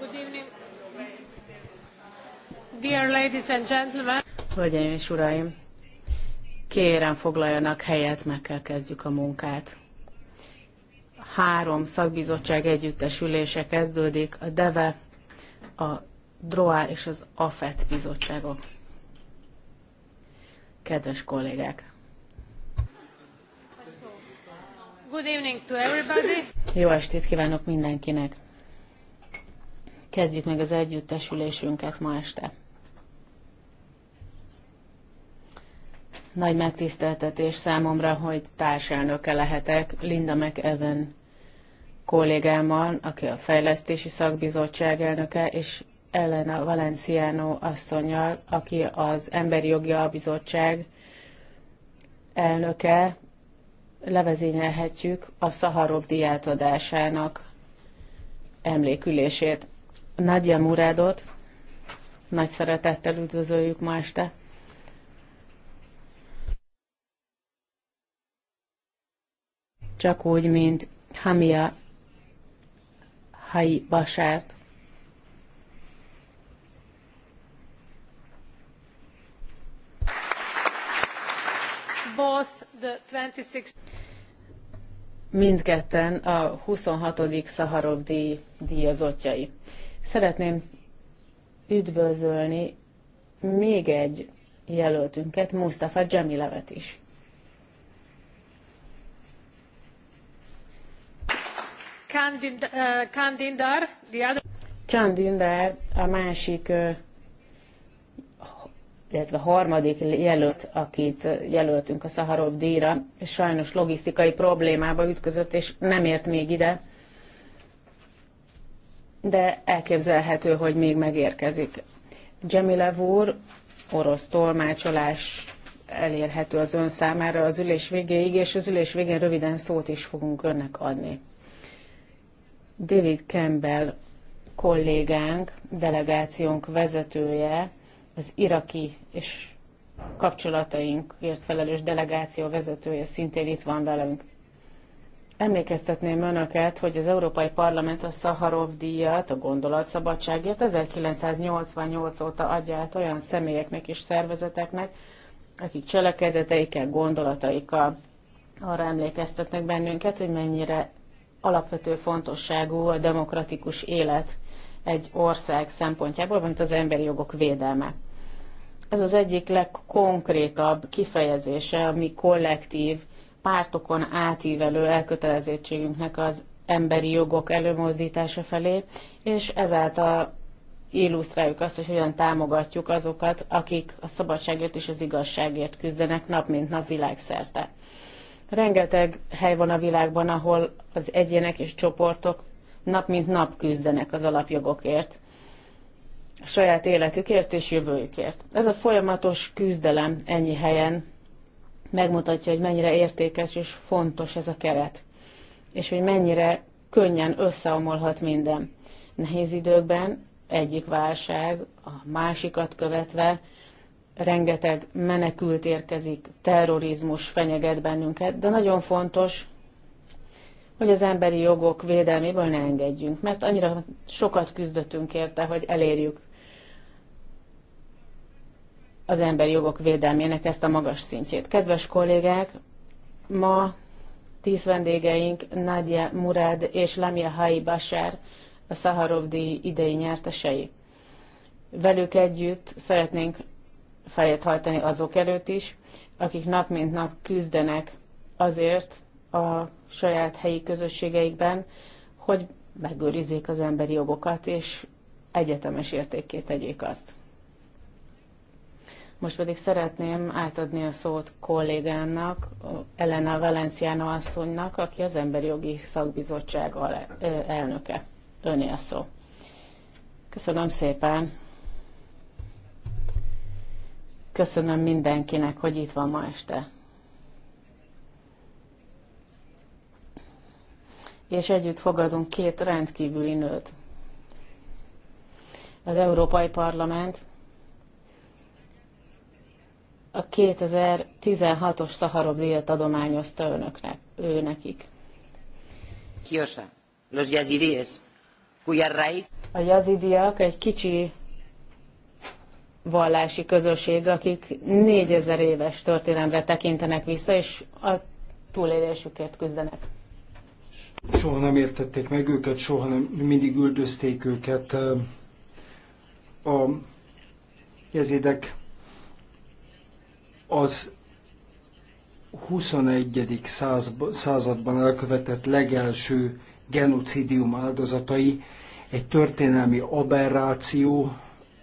Good evening. Dear ladies and gentlemen. Hölgyeim és uraim, kérem foglaljanak helyet, meg kell kezdjük a munkát. Három szakbizottság együttesülése kezdődik, a DEVE, a DROA és az AFET bizottságok. Kedves kollégák! Good evening to everybody. Jó estét kívánok mindenkinek! Kezdjük meg az együttesülésünket ma este. Nagy megtiszteltetés számomra, hogy társelnöke lehetek Linda McEwen kollégámmal, aki a Fejlesztési Szakbizottság elnöke, és Elena Valenciano asszonyjal, aki az Emberi Jogi Albizottság elnöke, levezényelhetjük a Szaharov diátadásának emlékülését. Nagyja Muradot, nagy szeretettel üdvözöljük ma este. Csak úgy, mint Hamia Hai Basárt. Mindketten a 26. Szaharov díj díjazottjai. Szeretném üdvözölni még egy jelöltünket, Mustafa Jamilevet is. Eh, Kandindar, the a másik, eh, illetve harmadik jelölt, akit jelöltünk a Szaharov díjra, sajnos logisztikai problémába ütközött, és nem ért még ide de elképzelhető, hogy még megérkezik. Jemilev úr, orosz tolmácsolás elérhető az ön számára az ülés végéig, és az ülés végén röviden szót is fogunk önnek adni. David Campbell kollégánk, delegációnk vezetője, az iraki és kapcsolatainkért felelős delegáció vezetője szintén itt van velünk. Emlékeztetném önöket, hogy az Európai Parlament a Szaharov díjat, a gondolatszabadságért 1988 óta adja át olyan személyeknek és szervezeteknek, akik cselekedeteikkel, gondolataikkal arra emlékeztetnek bennünket, hogy mennyire alapvető fontosságú a demokratikus élet egy ország szempontjából, mint az emberi jogok védelme. Ez az egyik legkonkrétabb kifejezése a mi kollektív pártokon átívelő elkötelezettségünknek az emberi jogok előmozdítása felé, és ezáltal illusztráljuk azt, hogy hogyan támogatjuk azokat, akik a szabadságért és az igazságért küzdenek nap mint nap világszerte. Rengeteg hely van a világban, ahol az egyének és csoportok nap mint nap küzdenek az alapjogokért, a saját életükért és jövőjükért. Ez a folyamatos küzdelem ennyi helyen megmutatja, hogy mennyire értékes és fontos ez a keret, és hogy mennyire könnyen összeomolhat minden. Nehéz időkben egyik válság a másikat követve rengeteg menekült érkezik, terrorizmus fenyeget bennünket, de nagyon fontos, hogy az emberi jogok védelméből ne engedjünk, mert annyira sokat küzdöttünk érte, hogy elérjük az emberi jogok védelmének ezt a magas szintjét. Kedves kollégák, ma tíz vendégeink Nadia Murad és Lamia Hai Basár, a Szaharovdi idei nyertesei. Velük együtt szeretnénk fejet hajtani azok előtt is, akik nap mint nap küzdenek azért a saját helyi közösségeikben, hogy megőrizzék az emberi jogokat, és egyetemes értékét tegyék azt. Most pedig szeretném átadni a szót kollégának, Elena Valenciano asszonynak, aki az Emberi Jogi Szakbizottság elnöke. Öné a szó. Köszönöm szépen. Köszönöm mindenkinek, hogy itt van ma este. És együtt fogadunk két rendkívüli nőt. Az Európai Parlament a 2016-os Szaharov díjat adományozta önöknek, ő nekik. Kiosa, los yazidíes, cuya raíz... A jazidiak egy kicsi vallási közösség, akik 4000 éves történelemre tekintenek vissza, és a túlélésükért küzdenek. Soha nem értették meg őket, soha nem mindig üldözték őket. A jezidek az 21. században elkövetett legelső genocidium áldozatai, egy történelmi aberráció,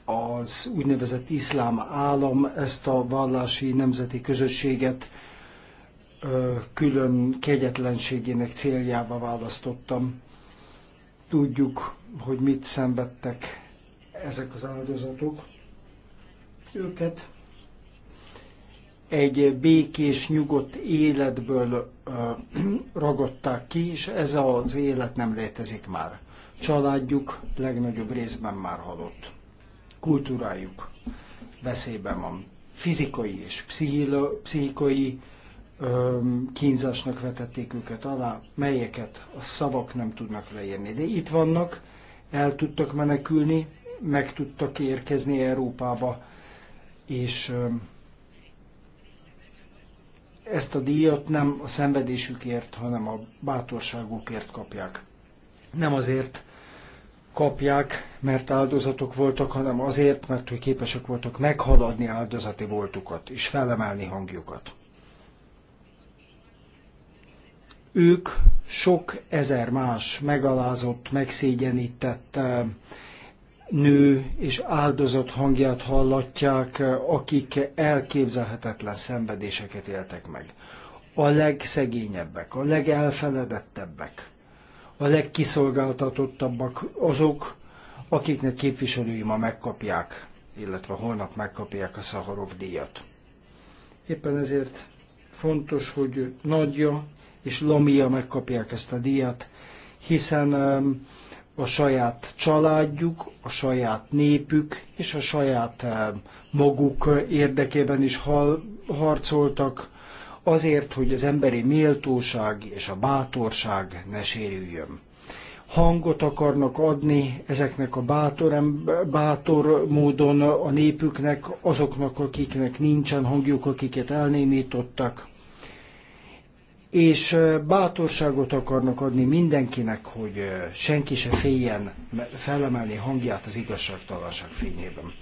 az úgynevezett iszlám állam ezt a vallási nemzeti közösséget külön kegyetlenségének céljába választottam. Tudjuk, hogy mit szenvedtek ezek az áldozatok. Őket egy békés, nyugodt életből ragadták ki, és ez az élet nem létezik már. Családjuk legnagyobb részben már halott. Kultúrájuk veszélyben van. Fizikai és pszichikai kínzásnak vetették őket alá, melyeket a szavak nem tudnak leírni. De itt vannak, el tudtak menekülni, meg tudtak érkezni Európába, és ezt a díjat nem a szenvedésükért, hanem a bátorságukért kapják. Nem azért kapják, mert áldozatok voltak, hanem azért, mert hogy képesek voltak meghaladni áldozati voltukat és felemelni hangjukat. Ők sok ezer más megalázott, megszégyenített, eh, nő és áldozat hangját hallatják, akik elképzelhetetlen szenvedéseket éltek meg. A legszegényebbek, a legelfeledettebbek, a legkiszolgáltatottabbak azok, akiknek képviselői ma megkapják, illetve holnap megkapják a Szaharov díjat. Éppen ezért fontos, hogy Nagyja és Lamia megkapják ezt a díjat, hiszen a saját családjuk, a saját népük és a saját eh, maguk érdekében is hal, harcoltak, azért, hogy az emberi méltóság és a bátorság ne sérüljön. Hangot akarnak adni ezeknek a bátor, bátor módon a népüknek, azoknak, akiknek nincsen hangjuk, akiket elnémítottak, és bátorságot akarnak adni mindenkinek, hogy senki se féljen felemelni hangját az igazságtalanság fényében.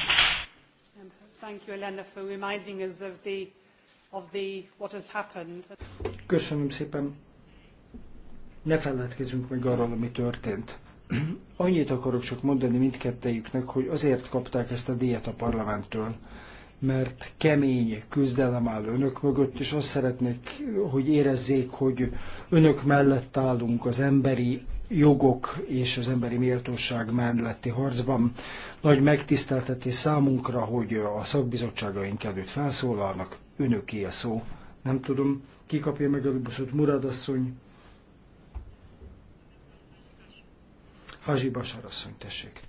Köszönöm szépen. Ne feledkezzünk meg arról, ami történt. Annyit akarok csak mondani mindkettejüknek, hogy azért kapták ezt a díjat a parlamenttől, mert kemény küzdelem áll önök mögött, és azt szeretnék, hogy érezzék, hogy önök mellett állunk az emberi jogok és az emberi méltóság melletti harcban. Nagy megtiszteltetés számunkra, hogy a szakbizottságaink előtt felszólalnak, önöké a szó. Nem tudom, ki kapja meg a buszot, Murad asszony? Hazsi Basar asszony, tessék.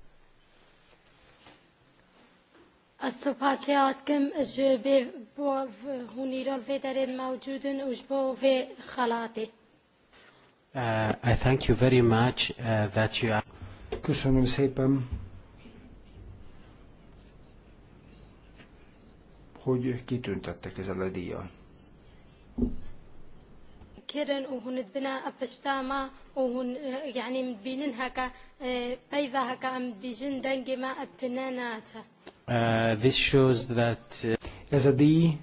اسو پاسی آت کم اش به بو هونی I thank you very much uh, that you are Kusumim Sepem hogy kitüntettek ezzel a díjjal. a pestáma, hogy ne bina haka, eh, pejve haka, am bizin dengi ma abtenen Uh, this shows that uh, ez a díj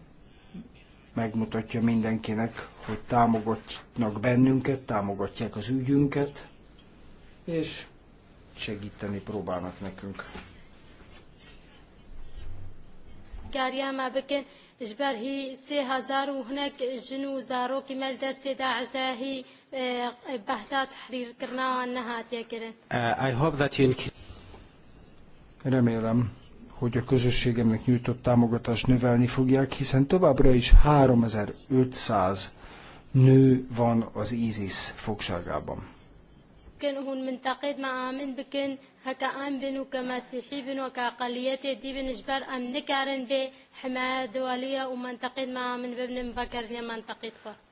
megmutatja mindenkinek, hogy támogatnak bennünket, támogatják az ügyünket, és segíteni próbálnak nekünk. Kárjám, ábeken, és berhi, szé hazár, uhnek, zsinú, záró, kimel, deszté, dázsáhi, eh, bahtát, hrír, krná, nahát, jekere. Uh, I hope that you... Remélem, hogy a közösségemnek nyújtott támogatást növelni fogják, hiszen továbbra is 3500 nő van az ISIS fogságában.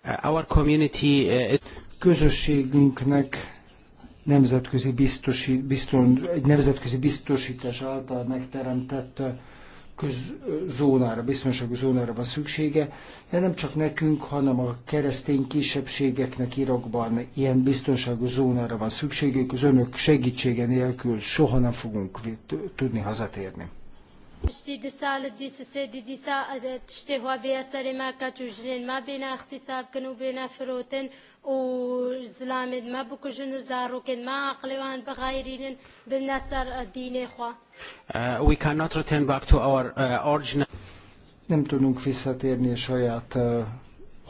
Uh, our community uh, közösségünknek nemzetközi biztosi, bizton, egy nemzetközi biztosítás által megteremtett közzónára, biztonságos zónára van szüksége, de nem csak nekünk, hanem a keresztény kisebbségeknek Irakban ilyen biztonságos zónára van szükségük, az önök segítsége nélkül soha nem fogunk tudni hazatérni. پشتی دیسا لدی سسه دی دیسا تشتی هوا بیا سری ما کچو جنین ما بینا اختصاب کنو بینا فروتن و زلامد ما بکو جنو زارو کن ما عقلوان بغیرینن بمنا سر دین خوا We cannot return back to our uh, original Nem tudunk visszatérni شاید saját uh,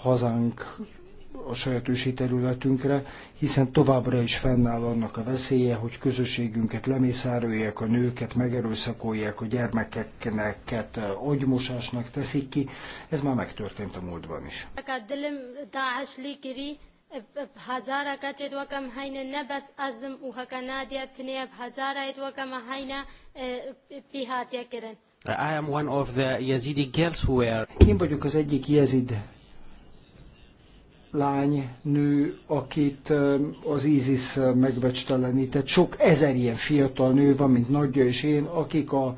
hazánk a saját ősi területünkre, hiszen továbbra is fennáll annak a veszélye, hogy közösségünket lemészárolják, a nőket megerőszakolják, a gyermekeknek agymosásnak teszik ki. Ez már megtörtént a múltban is. I am one of the Yazidi girls who were... Én vagyok az egyik Yazid? lány, nő, akit az ISIS megbecstelenített. Sok ezer ilyen fiatal nő van, mint nagyja és én, akik a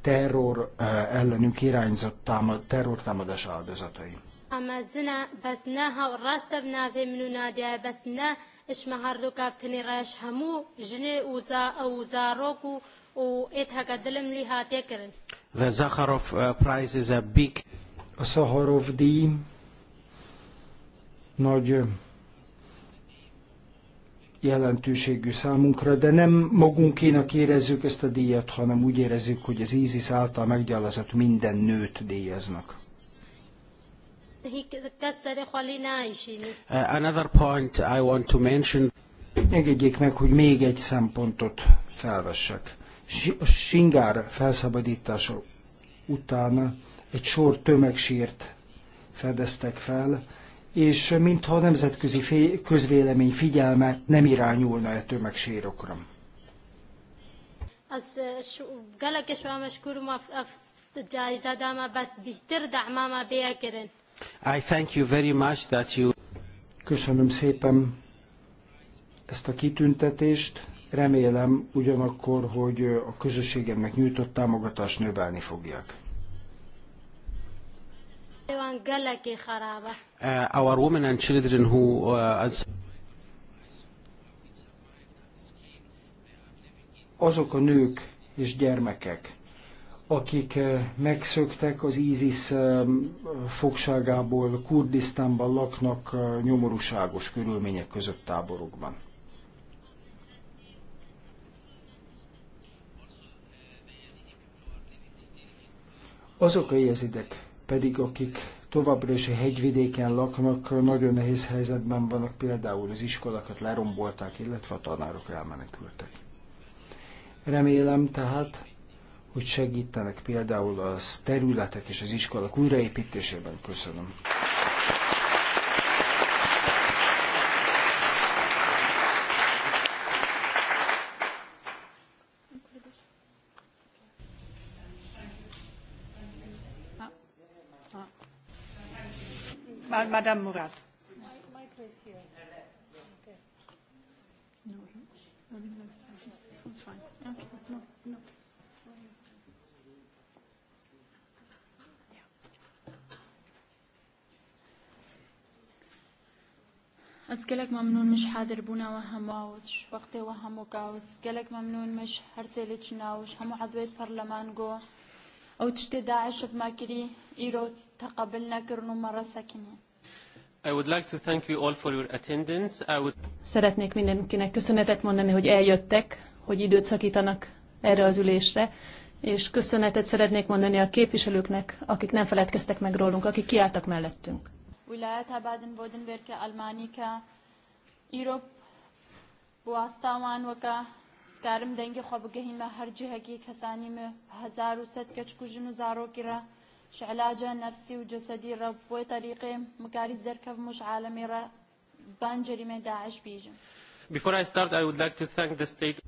terror ellenünk irányzott támad, terrortámadás áldozatai. أما الزنا بسناها والراسبنا في منو ناديا بسنا إش مهردو كابتني راش همو جني وزا وزاروكو وإتها قدلم لها تكرن. The Zakharov uh, Prize is a big... A Szaharov díj nagy jelentőségű számunkra, de nem magunkénak érezzük ezt a díjat, hanem úgy érezzük, hogy az ISIS által meggyalázott minden nőt díjaznak. Uh, another point I want to mention. Engedjék meg, hogy még egy szempontot felvessek. A Singár felszabadítása után egy sor tömegsírt fedeztek fel, és mintha a nemzetközi közvélemény figyelme nem irányulna e tömegsérokra. قال شو ما داما بس دعما ما I thank you very much that you... Köszönöm szépen ezt a kitüntetést. Remélem ugyanakkor, hogy a közösségemnek nyújtott támogatást növelni fogják. Uh, our women and children who uh, azok a nők és gyermekek, akik uh, megszöktek az ISIS um, fogságából, Kurdisztánban laknak uh, nyomorúságos körülmények között táborokban. Azok a jezidek, pedig akik továbbra is a hegyvidéken laknak, nagyon nehéz helyzetben vannak, például az iskolákat lerombolták, illetve a tanárok elmenekültek. Remélem tehát, hogy segítenek például az területek és az iskolák újraépítésében. Köszönöm. Madame Murat. از گلک ممنون مش حاضر بونا وهم واوش وقتی وهم وکاوس گلک ممنون مش هر سیلی چناوش همو عضویت پرلمان گو او تشتی داعش بما كري إيرو تقبلنا كرنو مرة ساكنين Szeretnék mindenkinek köszönetet mondani, hogy eljöttek, hogy időt szakítanak erre az ülésre, és köszönetet szeretnék mondani a képviselőknek, akik nem feledkeztek meg rólunk, akik kiálltak mellettünk. ولایت بادن-بودنبرگ آلمانی که ایروپ بواستاوان وکا سکارم دنگ خواب شعلاجة نفسي وجسدي رب وطريقي مكاري زركف مش عالمي را بانجري من داعش بيجم Before I start, I would like to thank the state.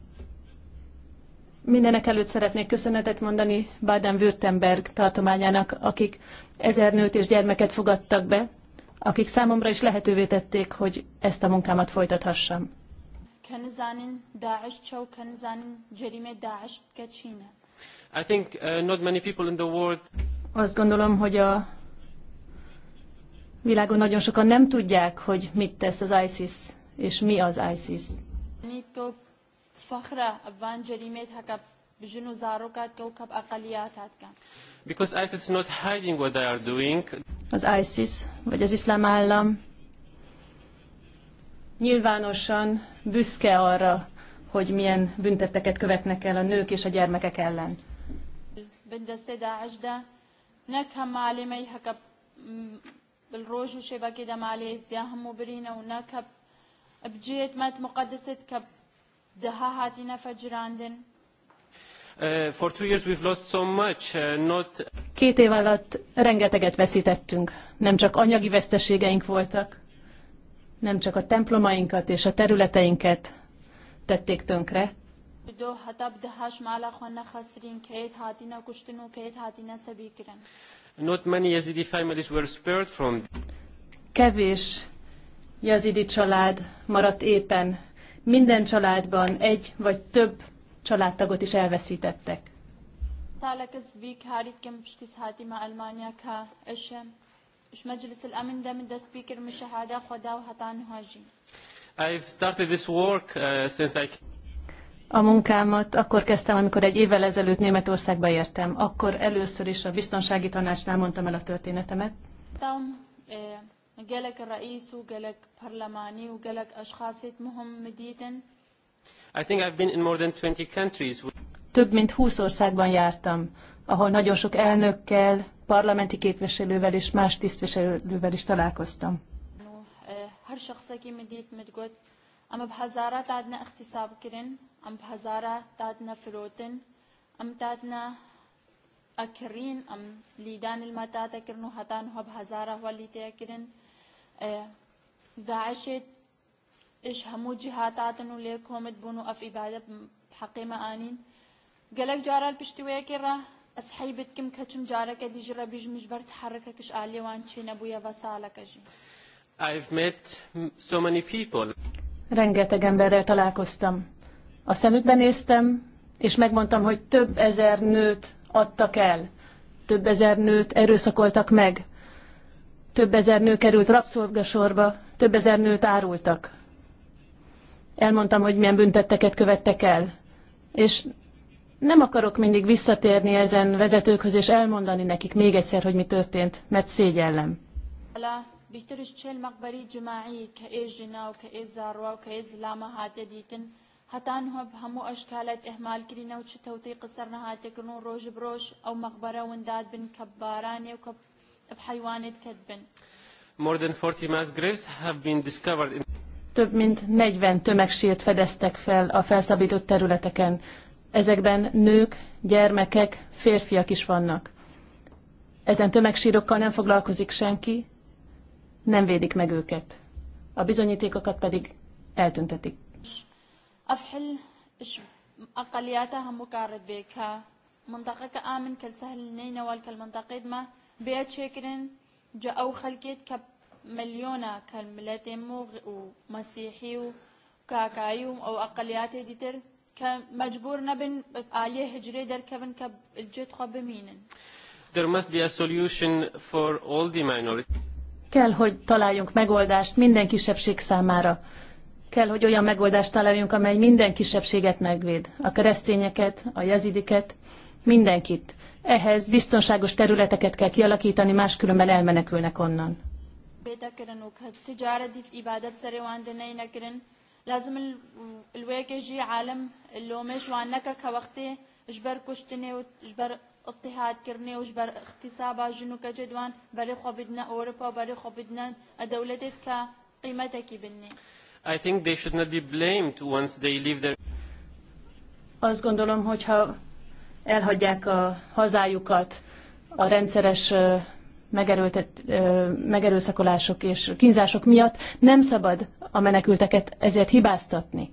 Mindenek előtt szeretnék köszönetet mondani Baden-Württemberg tartományának, akik ezer nőt és gyermeket fogadtak be, akik számomra is lehetővé tették, hogy ezt a munkámat folytathassam. I think uh, not many people in the world azt gondolom, hogy a világon nagyon sokan nem tudják, hogy mit tesz az ISIS, és mi az ISIS. Because ISIS is not hiding what they are doing. Az ISIS, vagy az iszlám állam nyilvánosan büszke arra, hogy milyen bünteteket követnek el a nők és a gyermekek ellen. نك هم مالێمەی هەکە ڕۆژ و شێبەکێ دەمالێ زیا هەموو برینە و نەکە بجێت مەت مقدست کە دەها هاتی نەفە جراندن uh, For two years we've lost so much, uh, not... Két év alatt rengeteget veszítettünk. Nem csak anyagi veszteségeink voltak, nem csak a templomainkat és a területeinket tették tönkre, دو حتا به هاش مالا خونا خسرین کیت هاتینا کشتن و کیت هاتینا سبی کرن. Not many Yazidi families were spared from. Kevés Yazidi család maradt éppen. Minden családban egy vagy több családtagot is elveszítettek. تالك زبيك هاريت كم بشتي سهاتي مع ألمانيا كا إيش إيش مجلس الأمن ده من ده سبيكر مشاهدة خدا وهتان هاجي. I've started this work uh, since I came. A munkámat akkor kezdtem, amikor egy évvel ezelőtt Németországba értem. Akkor először is a biztonsági tanácsnál mondtam el a történetemet. Eh, I think I've been in more than 20 countries. Több mint 20 országban jártam, ahol nagyon sok elnökkel, parlamenti képviselővel és más tisztviselővel is találkoztam. هر شخص کی مدیت مدگوت اما بهزارات عدنا اختصاب کرن am pazara tatna firotin am tatna akirin am lidan il matata kirnu hatan hab hazara walite akirin e, daishet ish hamu jihatatnu lekomet bunu af ibadat حقیم آنین گلک جارا پشتی وی کرا از حیبت کم کچم جارا که دیج را بیج مجبر تحرک کش آلی وان چین بویا و سالا I've met so many people. رنگت گمبره تلاکستم. A szemükbe néztem, és megmondtam, hogy több ezer nőt adtak el, több ezer nőt erőszakoltak meg, több ezer nő került rabszolgasorba, több ezer nőt árultak. Elmondtam, hogy milyen büntetteket követtek el. És nem akarok mindig visszatérni ezen vezetőkhöz, és elmondani nekik még egyszer, hogy mi történt, mert szégyellem. بيترش شل مقبري جماعي كإيجنا وكإيز زاروا وكإيز لاما هاتديتن هەتان هەب هەموو اشكالات اهمال كرينا چ توثيق قسەر نەهاتێکن و ڕۆژ برۆژ ئەو مەقبەرە ونداد بن کە بارانێ بحيوانات كدبن More than 40 mass graves have been discovered in több mint 40 tömegsírt fedeztek fel a felszabított területeken. Ezekben nők, gyermekek, férfiak is vannak. Ezen tömegsírokkal nem foglalkozik senki, nem védik meg őket. A bizonyítékokat pedig eltüntetik. أفحل أقلياتها مكارد بيكا منطقة كآمن كل سهل نينا والكل منطقة ما بيت شكرن جا أو خلقيت كب مليونة كالملاتي مو ومسيحي وكاكايو أو أقلياتي ديتر كمجبور نبن عليه هجري در كبن كب الجيت خب مينن There must be a solution for all the minorities. Kell, hogy találjunk megoldást minden kisebbség számára kell, hogy olyan megoldást találjunk, amely minden kisebbséget megvéd. A keresztényeket, a jezidiket, mindenkit. Ehhez biztonságos területeket kell kialakítani, máskülönben elmenekülnek onnan. لازم الويك يجي عالم اللومش وانك كوقتي جبر كشتني وجبر اضطهاد كرني وجبر اغتصابا جنو كجدوان بري خو بدنا اوروبا بري خو بدنا دولتك قيمتك بني I think they should not be blamed once they leave their... Azt gondolom, hogyha elhagyják a hazájukat a rendszeres megerőszakolások és kínzások miatt, nem szabad a menekülteket ezért hibáztatni.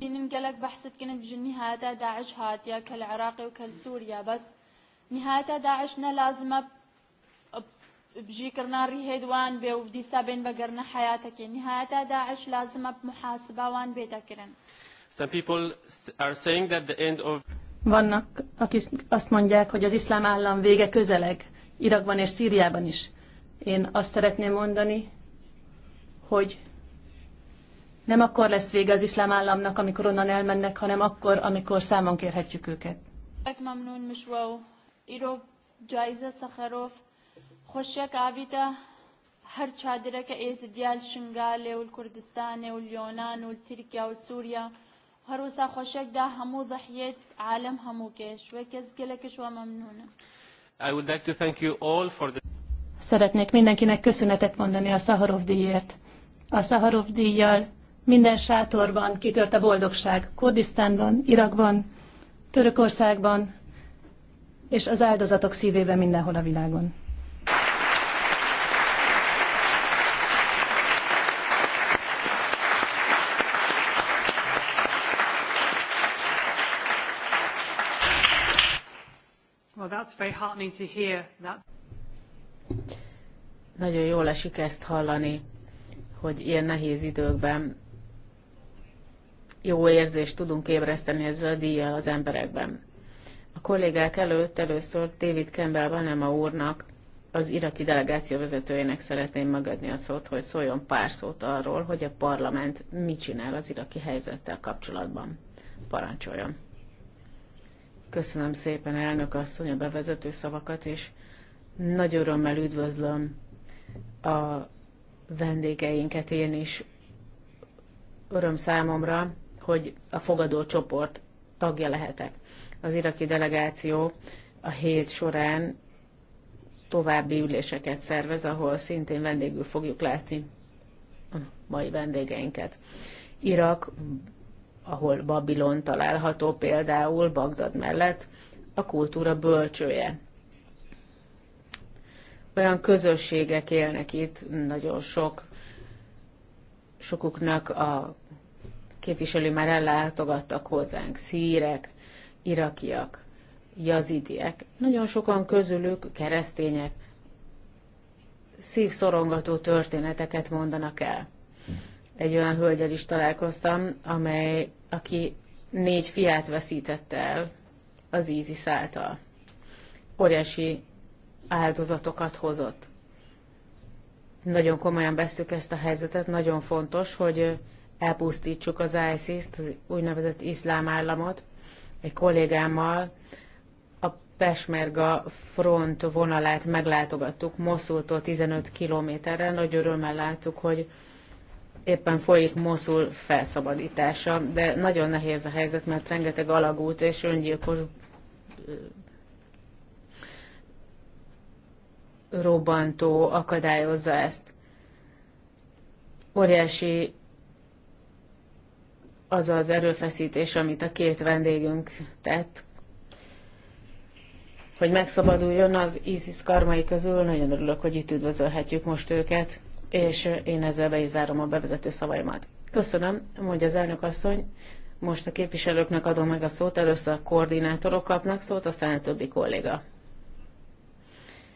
ننقلك Daesh كنت بجن نهاية داعش هاتية كالعراقي وكالسوريا بس نهاية داعشنا بجيكرنا ڕیهێدوان بێ و دیسا بێن بەگەرنە حیاتەکە نهایەتە داعش لازمە محاسباوان بێتەکردن. Some people are saying that the end of Vannak, akik azt mondják, hogy az iszlám állam vége közeleg, Irakban és Szíriában is. Én azt szeretném mondani, hogy nem akkor lesz vége az iszlám államnak, amikor onnan elmennek, hanem akkor, amikor számon kérhetjük őket. Köszönöm, خوشك عبيدة هر چادرك ايز ديال شنغال والكردستان واليونان والتركيا والسوريا هر وسا خوشك دا همو ضحية عالم همو كيش وكز كلكش وممنونة I would like to thank you all for the... Szeretnék mindenkinek köszönetet mondani a Szaharov díjért. A Szaharov díjjal minden sátorban kitört a boldogság. Kurdisztánban, Irakban, Törökországban, és az áldozatok szívében mindenhol a világon. very heartening to hear that. Nagyon jó esik ezt hallani, hogy ilyen nehéz időkben jó érzést tudunk ébreszteni ezzel a díjjal az emberekben. A kollégák előtt először David Campbell a úrnak, az iraki delegáció vezetőjének szeretném megadni a szót, hogy szóljon pár szót arról, hogy a parlament mit csinál az iraki helyzettel kapcsolatban. Parancsoljon! Köszönöm szépen, elnök asszony, a bevezető szavakat, és nagy örömmel üdvözlöm a vendégeinket. Én is öröm számomra, hogy a fogadó csoport tagja lehetek. Az iraki delegáció a hét során további üléseket szervez, ahol szintén vendégül fogjuk látni a mai vendégeinket. Irak ahol Babilon található például Bagdad mellett, a kultúra bölcsője. Olyan közösségek élnek itt, nagyon sok, sokuknak a képviselő már ellátogattak hozzánk, szírek, irakiak, jazidiek, nagyon sokan közülük keresztények, szívszorongató történeteket mondanak el egy olyan hölgyel is találkoztam, amely, aki négy fiát veszítette el az ISIS által. Óriási áldozatokat hozott. Nagyon komolyan veszük ezt a helyzetet, nagyon fontos, hogy elpusztítsuk az ISIS-t, az úgynevezett iszlám államot. Egy kollégámmal a Pesmerga front vonalát meglátogattuk, Moszultól 15 kilométerre, nagy örömmel láttuk, hogy éppen folyik Moszul felszabadítása, de nagyon nehéz a helyzet, mert rengeteg alagút és öngyilkos robbantó akadályozza ezt. Óriási az az erőfeszítés, amit a két vendégünk tett, hogy megszabaduljon az ISIS karmai közül. Nagyon örülök, hogy itt üdvözölhetjük most őket és én ezzel be is zárom a bevezető szavaimat. Köszönöm, mondja az elnök asszony. Most a képviselőknek adom meg a szót, először a koordinátorok kapnak szót, aztán a többi kolléga.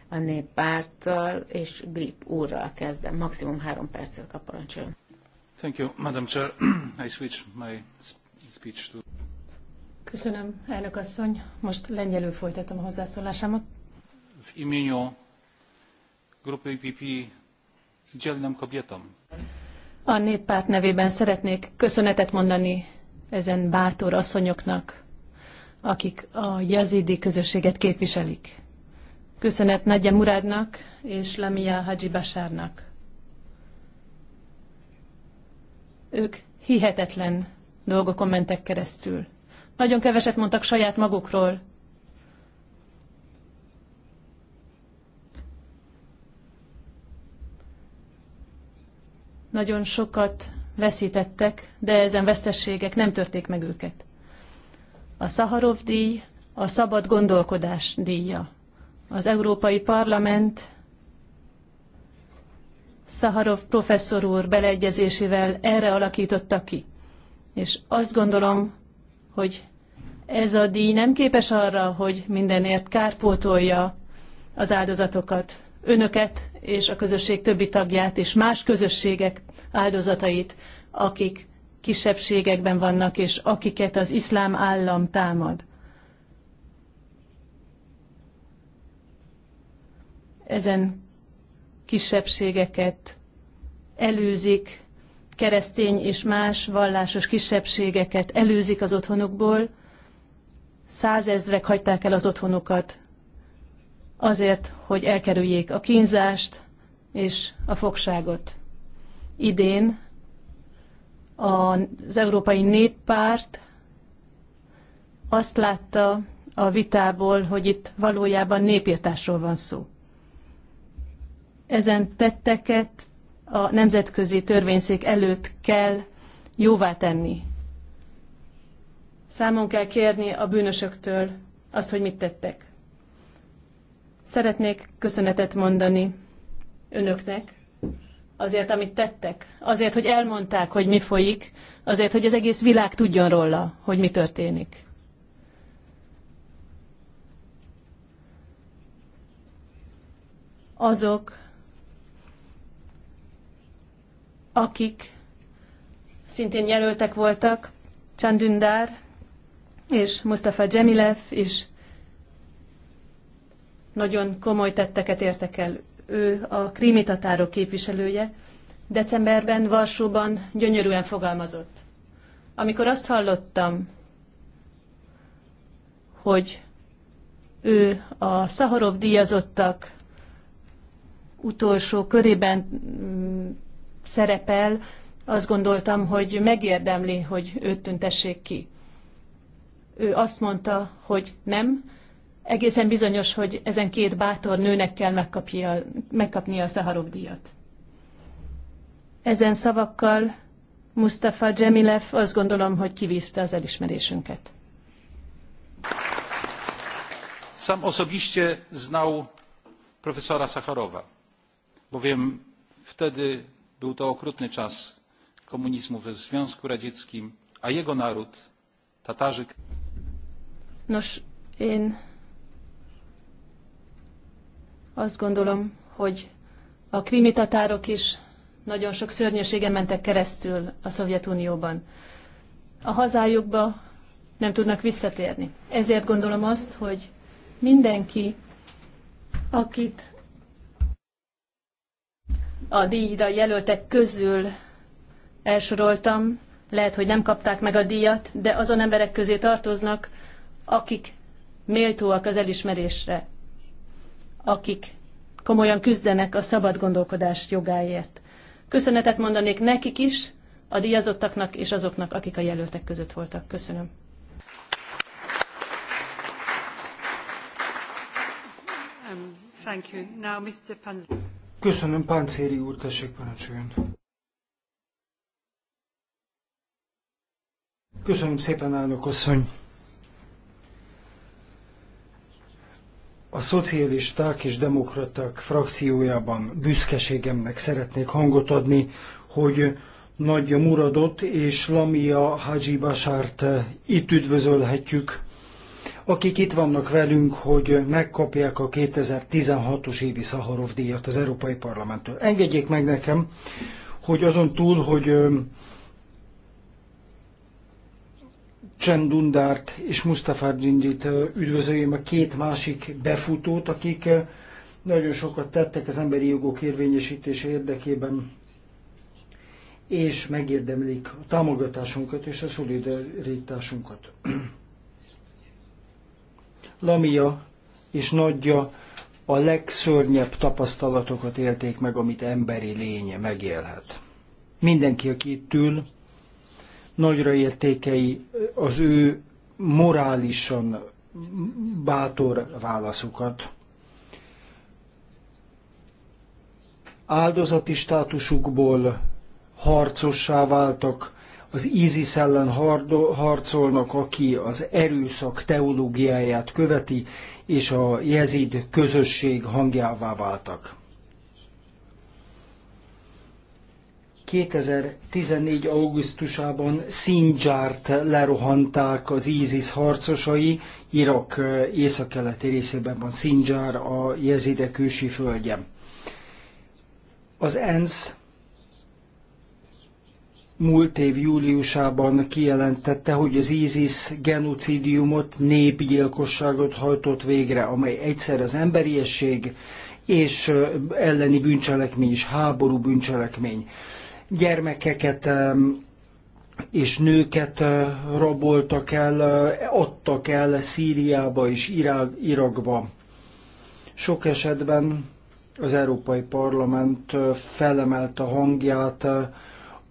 A néppárttal és Grip úrral kezdem. Maximum három percet kap parancsoljon. Thank you, Madam Chair. I switch my speech to... Köszönöm, elnök asszony. Most lengyelül folytatom a hozzászólásomat. W imieniu grupy IPP e dzielnym kobietom. A néppárt nevében szeretnék köszönetet mondani ezen bátor asszonyoknak, akik a jazidi közösséget képviselik. Köszönet Nagyja Muradnak és Lamia Hadzsi Basárnak. Ők hihetetlen dolgokon mentek keresztül. Nagyon keveset mondtak saját magukról, nagyon sokat veszítettek, de ezen vesztességek nem törték meg őket. A Szaharov díj a szabad gondolkodás díja. Az Európai Parlament Szaharov professzor úr beleegyezésével erre alakította ki. És azt gondolom, hogy ez a díj nem képes arra, hogy mindenért kárpótolja az áldozatokat, önöket és a közösség többi tagját és más közösségek áldozatait, akik kisebbségekben vannak, és akiket az iszlám állam támad. Ezen kisebbségeket előzik, keresztény és más vallásos kisebbségeket előzik az otthonukból, százezrek hagyták el az otthonukat azért, hogy elkerüljék a kínzást és a fogságot. Idén az Európai Néppárt azt látta a vitából, hogy itt valójában népírtásról van szó. Ezen tetteket a nemzetközi törvényszék előtt kell jóvá tenni. Számon kell kérni a bűnösöktől azt, hogy mit tettek. Szeretnék köszönetet mondani önöknek azért, amit tettek, azért, hogy elmondták, hogy mi folyik, azért, hogy az egész világ tudjon róla, hogy mi történik. Azok, akik szintén jelöltek voltak, Csandündár és Mustafa Jemilev és nagyon komoly tetteket értek el. Ő a krími tatárok képviselője. Decemberben Varsóban gyönyörűen fogalmazott. Amikor azt hallottam, hogy ő a Szaharov díjazottak utolsó körében mm, szerepel, azt gondoltam, hogy megérdemli, hogy őt tüntessék ki. Ő azt mondta, hogy nem, egészen bizonyos, hogy ezen két bátor nőnek kell megkapnia, megkapnia a Szaharov díjat. Ezen szavakkal Mustafa Jemilev azt gondolom, hogy kivízte az elismerésünket. Sam osobiście znał profesora Sacharowa, bowiem wtedy był to okrutny czas komunizmu w Związku Radzieckim, a jego naród, tatarzyk. Nos, én azt gondolom, hogy a krimi tatárok is nagyon sok szörnyűségen mentek keresztül a Szovjetunióban. A hazájukba nem tudnak visszatérni. Ezért gondolom azt, hogy mindenki, akit a díjra jelöltek közül elsoroltam, lehet, hogy nem kapták meg a díjat, de azon emberek közé tartoznak, akik méltóak az elismerésre akik komolyan küzdenek a szabad gondolkodás jogáért. Köszönetet mondanék nekik is, a díjazottaknak és azoknak, akik a jelöltek között voltak. Köszönöm. Köszönöm, Páncéri úr, tessék parancsoljon. Köszönöm szépen, elnök asszony. a szocialisták és demokraták frakciójában büszkeségemnek szeretnék hangot adni, hogy Nagyja Muradot és Lamia Haji Basárt eh, itt üdvözölhetjük, akik itt vannak velünk, hogy megkapják a 2016-os évi Szaharov díjat az Európai Parlamenttől. Engedjék meg nekem, hogy azon túl, hogy eh, Dundárt és Mustafa Dzsindit üdvözöljem a két másik befutót, akik nagyon sokat tettek az emberi jogok érvényesítése érdekében, és megérdemlik a támogatásunkat és a szolidaritásunkat. Lamia és Nagyja a legszörnyebb tapasztalatokat élték meg, amit emberi lénye megélhet. Mindenki, aki itt ül, nagyra értékei az ő morálisan bátor válaszukat. Áldozati státusukból harcossá váltak, az ISIS ellen harcolnak, aki az erőszak teológiáját követi, és a jezid közösség hangjává váltak. 2014. augusztusában Szindzsárt lerohanták az ISIS harcosai, Irak eh, északkeleti részében van Szindzsár, a jezidek ősi földje. Az ENSZ múlt év júliusában kijelentette, hogy az ISIS genocidiumot, népgyilkosságot hajtott végre, amely egyszer az emberiesség és eh, elleni bűncselekmény is, háború bűncselekmény gyermekeket és nőket raboltak el, adtak el Szíriába és Irakba. Sok esetben az Európai Parlament felemelt a hangját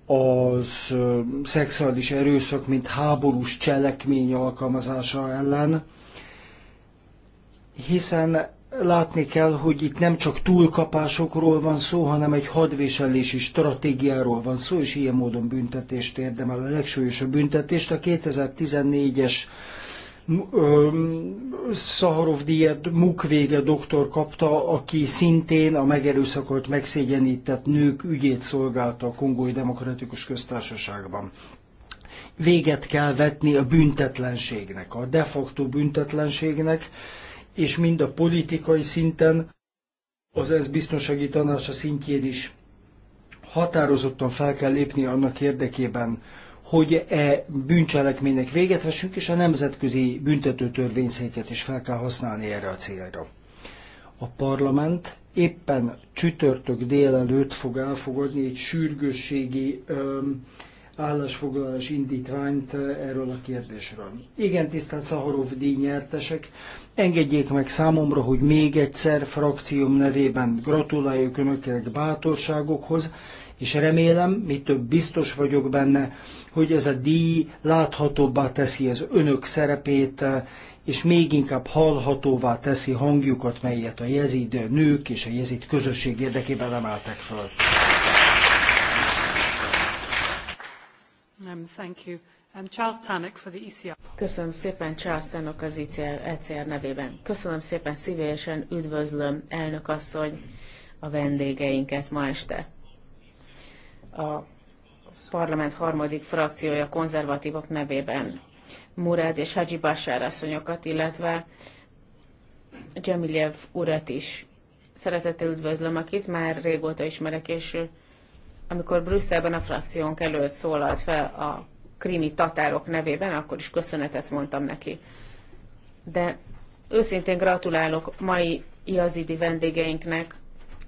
az szexuális erőszak, mint háborús cselekmény alkalmazása ellen, hiszen látni kell, hogy itt nem csak túlkapásokról van szó, hanem egy hadviselési stratégiáról van szó, és ilyen módon büntetést érdemel a legsúlyosabb büntetést. A 2014-es Szaharov díjat Mukvége doktor kapta, aki szintén a megerőszakolt, megszégyenített nők ügyét szolgálta a Kongói Demokratikus Köztársaságban. Véget kell vetni a büntetlenségnek, a de facto büntetlenségnek, és mind a politikai szinten, az ez biztonsági tanácsa szintjén is határozottan fel kell lépni annak érdekében, hogy e bűncselekménynek véget vessünk, és a nemzetközi büntető törvényszéket is fel kell használni erre a célra. A parlament éppen csütörtök délelőtt fog elfogadni egy sürgősségi öm, állásfoglalás indítványt eh, erről a kérdésről. Igen, tisztelt Szaharov díjnyertesek, engedjék meg számomra, hogy még egyszer frakcióm nevében gratuláljuk Önöknek bátorságokhoz, és remélem, mi több biztos vagyok benne, hogy ez a díj láthatóbbá teszi az Önök szerepét, eh, és még inkább hallhatóvá teszi hangjukat, melyet a jezid nők és a jezid közösség érdekében emeltek föl. Um, thank you. Um, Charles Tannock for the ECR. Köszönöm szépen Charles Tannock az ECR, ECR nevében. Köszönöm szépen szívesen, üdvözlöm elnök asszony a vendégeinket ma este. A parlament harmadik frakciója konzervatívok nevében Murad és Hadzsi Bashar asszonyokat, illetve Dzsemiljev urat is szeretettel üdvözlöm, akit már régóta ismerek, és amikor Brüsszelben a frakciónk előtt szólalt fel a krimi tatárok nevében, akkor is köszönetet mondtam neki. De őszintén gratulálok mai iazidi vendégeinknek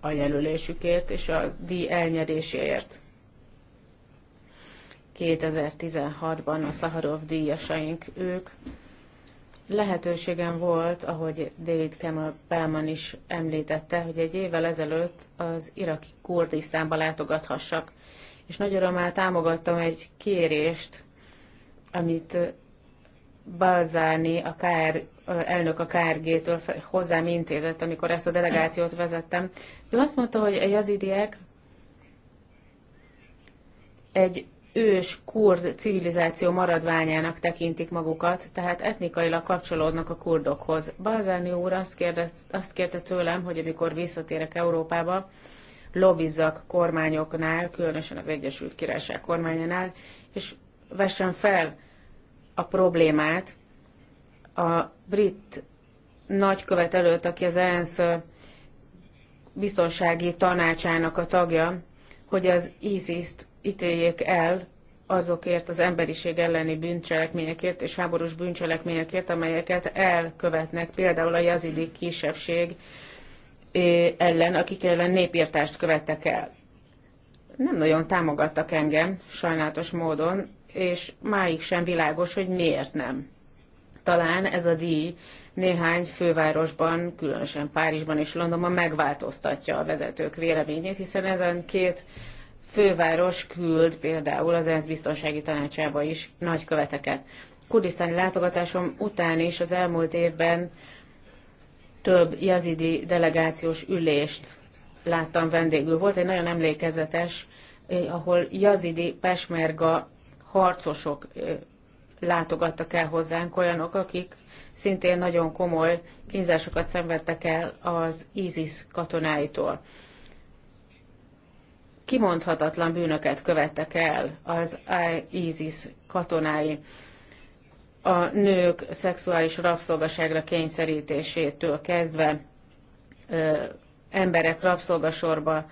a jelölésükért és a díj elnyeréséért. 2016-ban a Szaharov díjasaink ők, lehetőségem volt, ahogy David Kemal Bellman is említette, hogy egy évvel ezelőtt az iraki Kurdisztánba látogathassak. És nagy örömmel támogattam egy kérést, amit Balzáni, a KR, elnök a KRG-től hozzám intézett, amikor ezt a delegációt vezettem. Ő azt mondta, hogy a jazidiek egy ős kurd civilizáció maradványának tekintik magukat, tehát etnikailag kapcsolódnak a kurdokhoz. Balzáni úr azt, kérdez, azt kérte tőlem, hogy amikor visszatérek Európába, lobbizzak kormányoknál, különösen az Egyesült Királyság kormányánál, és vessen fel a problémát a brit nagykövet előtt, aki az ENSZ biztonsági tanácsának a tagja, hogy az ISIS-t ítéljék el azokért az emberiség elleni bűncselekményekért és háborús bűncselekményekért, amelyeket elkövetnek például a jazidi kisebbség ellen, akik ellen népírtást követtek el. Nem nagyon támogattak engem, sajnálatos módon, és máig sem világos, hogy miért nem. Talán ez a díj néhány fővárosban, különösen Párizsban és Londonban megváltoztatja a vezetők véleményét, hiszen ezen két főváros küld például az ENSZ biztonsági tanácsába is nagyköveteket. Kurdisztáni látogatásom után is az elmúlt évben több jazidi delegációs ülést láttam vendégül. Volt egy nagyon emlékezetes, eh, ahol jazidi pesmerga harcosok eh, látogattak el hozzánk olyanok, akik szintén nagyon komoly kínzásokat szenvedtek el az ISIS katonáitól. Kimondhatatlan bűnöket követtek el az ISIS katonái a nők szexuális rabszolgaságra kényszerítésétől kezdve ö, emberek rabszolgasorba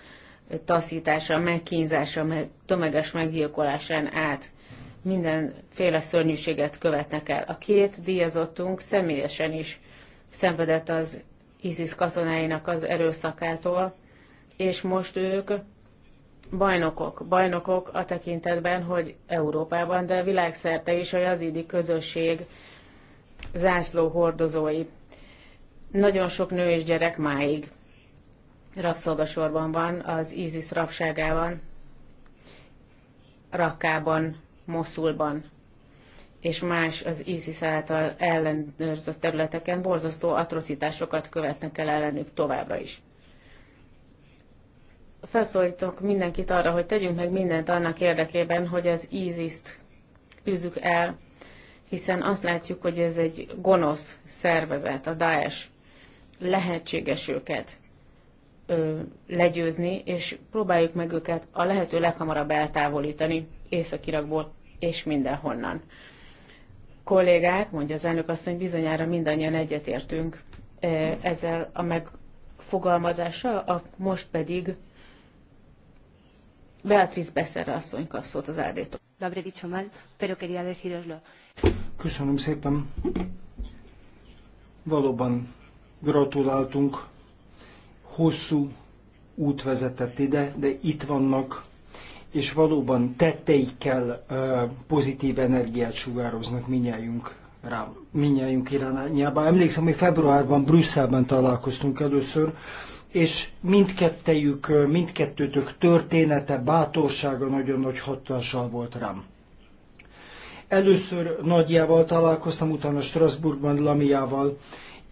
taszítása, megkínzása, meg, tömeges meggyilkolásán át mindenféle szörnyűséget követnek el. A két díjazottunk személyesen is szenvedett az ISIS katonáinak az erőszakától, és most ők bajnokok. Bajnokok a tekintetben, hogy Európában, de világszerte is a jazidi közösség zászló hordozói. Nagyon sok nő és gyerek máig rabszolgasorban van az ISIS rabságában, Rakkában Moszulban és más az ISIS által ellenőrzött területeken borzasztó atrocitásokat követnek el ellenük továbbra is. Felszólítok mindenkit arra, hogy tegyünk meg mindent annak érdekében, hogy az ISIS-t üzzük el, hiszen azt látjuk, hogy ez egy gonosz szervezet, a Daesh. Lehetséges őket ö, legyőzni, és próbáljuk meg őket a lehető leghamarabb eltávolítani Észak-Irakból és mindenhonnan. Kollégák, mondja az elnök asszony, bizonyára mindannyian egyetértünk e, ezzel a megfogalmazással, a, most pedig Beatriz Beszerre asszony kap szót az áldétól. Lo habré dicho mal, pero quería deciroslo. Köszönöm szépen. Valóban gratuláltunk. Hosszú út vezetett ide, de itt vannak és valóban tetteikkel pozitív energiát sugároznak minnyájunk rá, minnyájunk irányába. Emlékszem, hogy februárban Brüsszelben találkoztunk először, és mindkettőjük mindkettőtök története, bátorsága nagyon nagy hatással volt rám. Először Nagyjával találkoztam, utána Strasbourgban Lamiával,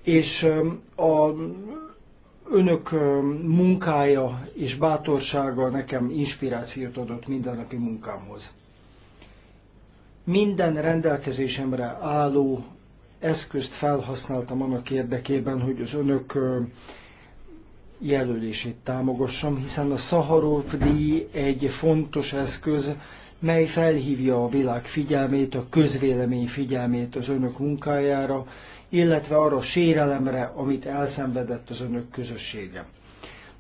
és a önök munkája és bátorsága nekem inspirációt adott mindennapi munkámhoz. Minden rendelkezésemre álló eszközt felhasználtam annak érdekében, hogy az önök jelölését támogassam, hiszen a Szaharov díj egy fontos eszköz, mely felhívja a világ figyelmét, a közvélemény figyelmét az önök munkájára, illetve arra a sérelemre, amit elszenvedett az önök közössége.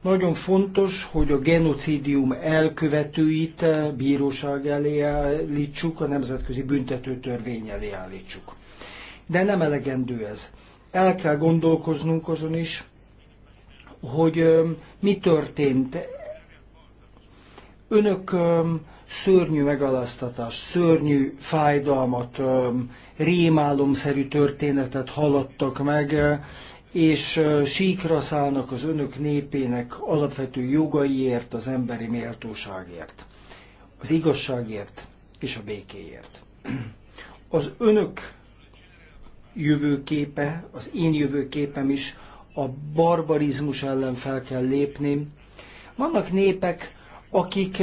Nagyon fontos, hogy a genocidium elkövetőit bíróság elé állítsuk, a nemzetközi büntetőtörvény elé állítsuk. De nem elegendő ez. El kell gondolkoznunk azon is, hogy mi történt. Önök szörnyű megaláztatás, szörnyű fájdalmat, rémálomszerű történetet hallottak meg, és síkra szállnak az önök népének alapvető jogaiért, az emberi méltóságért, az igazságért és a békéért. Az önök jövőképe, az én jövőképem is a barbarizmus ellen fel kell lépni. Vannak népek, akik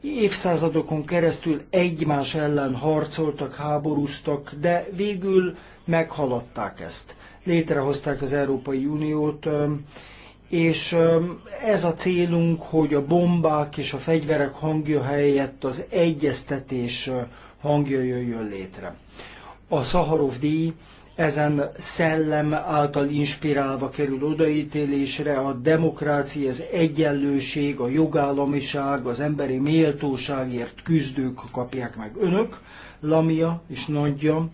évszázadokon keresztül egymás ellen harcoltak, háborúztak, de végül meghaladták ezt. Létrehozták az Európai Uniót, és ez a célunk, hogy a bombák és a fegyverek hangja helyett az egyeztetés hangja jöjjön létre. A Szaharov díj ezen szellem által inspirálva kerül odaítélésre, a demokrácia, az egyenlőség, a jogállamiság, az emberi méltóságért küzdők kapják meg önök, Lamia és Nagyja.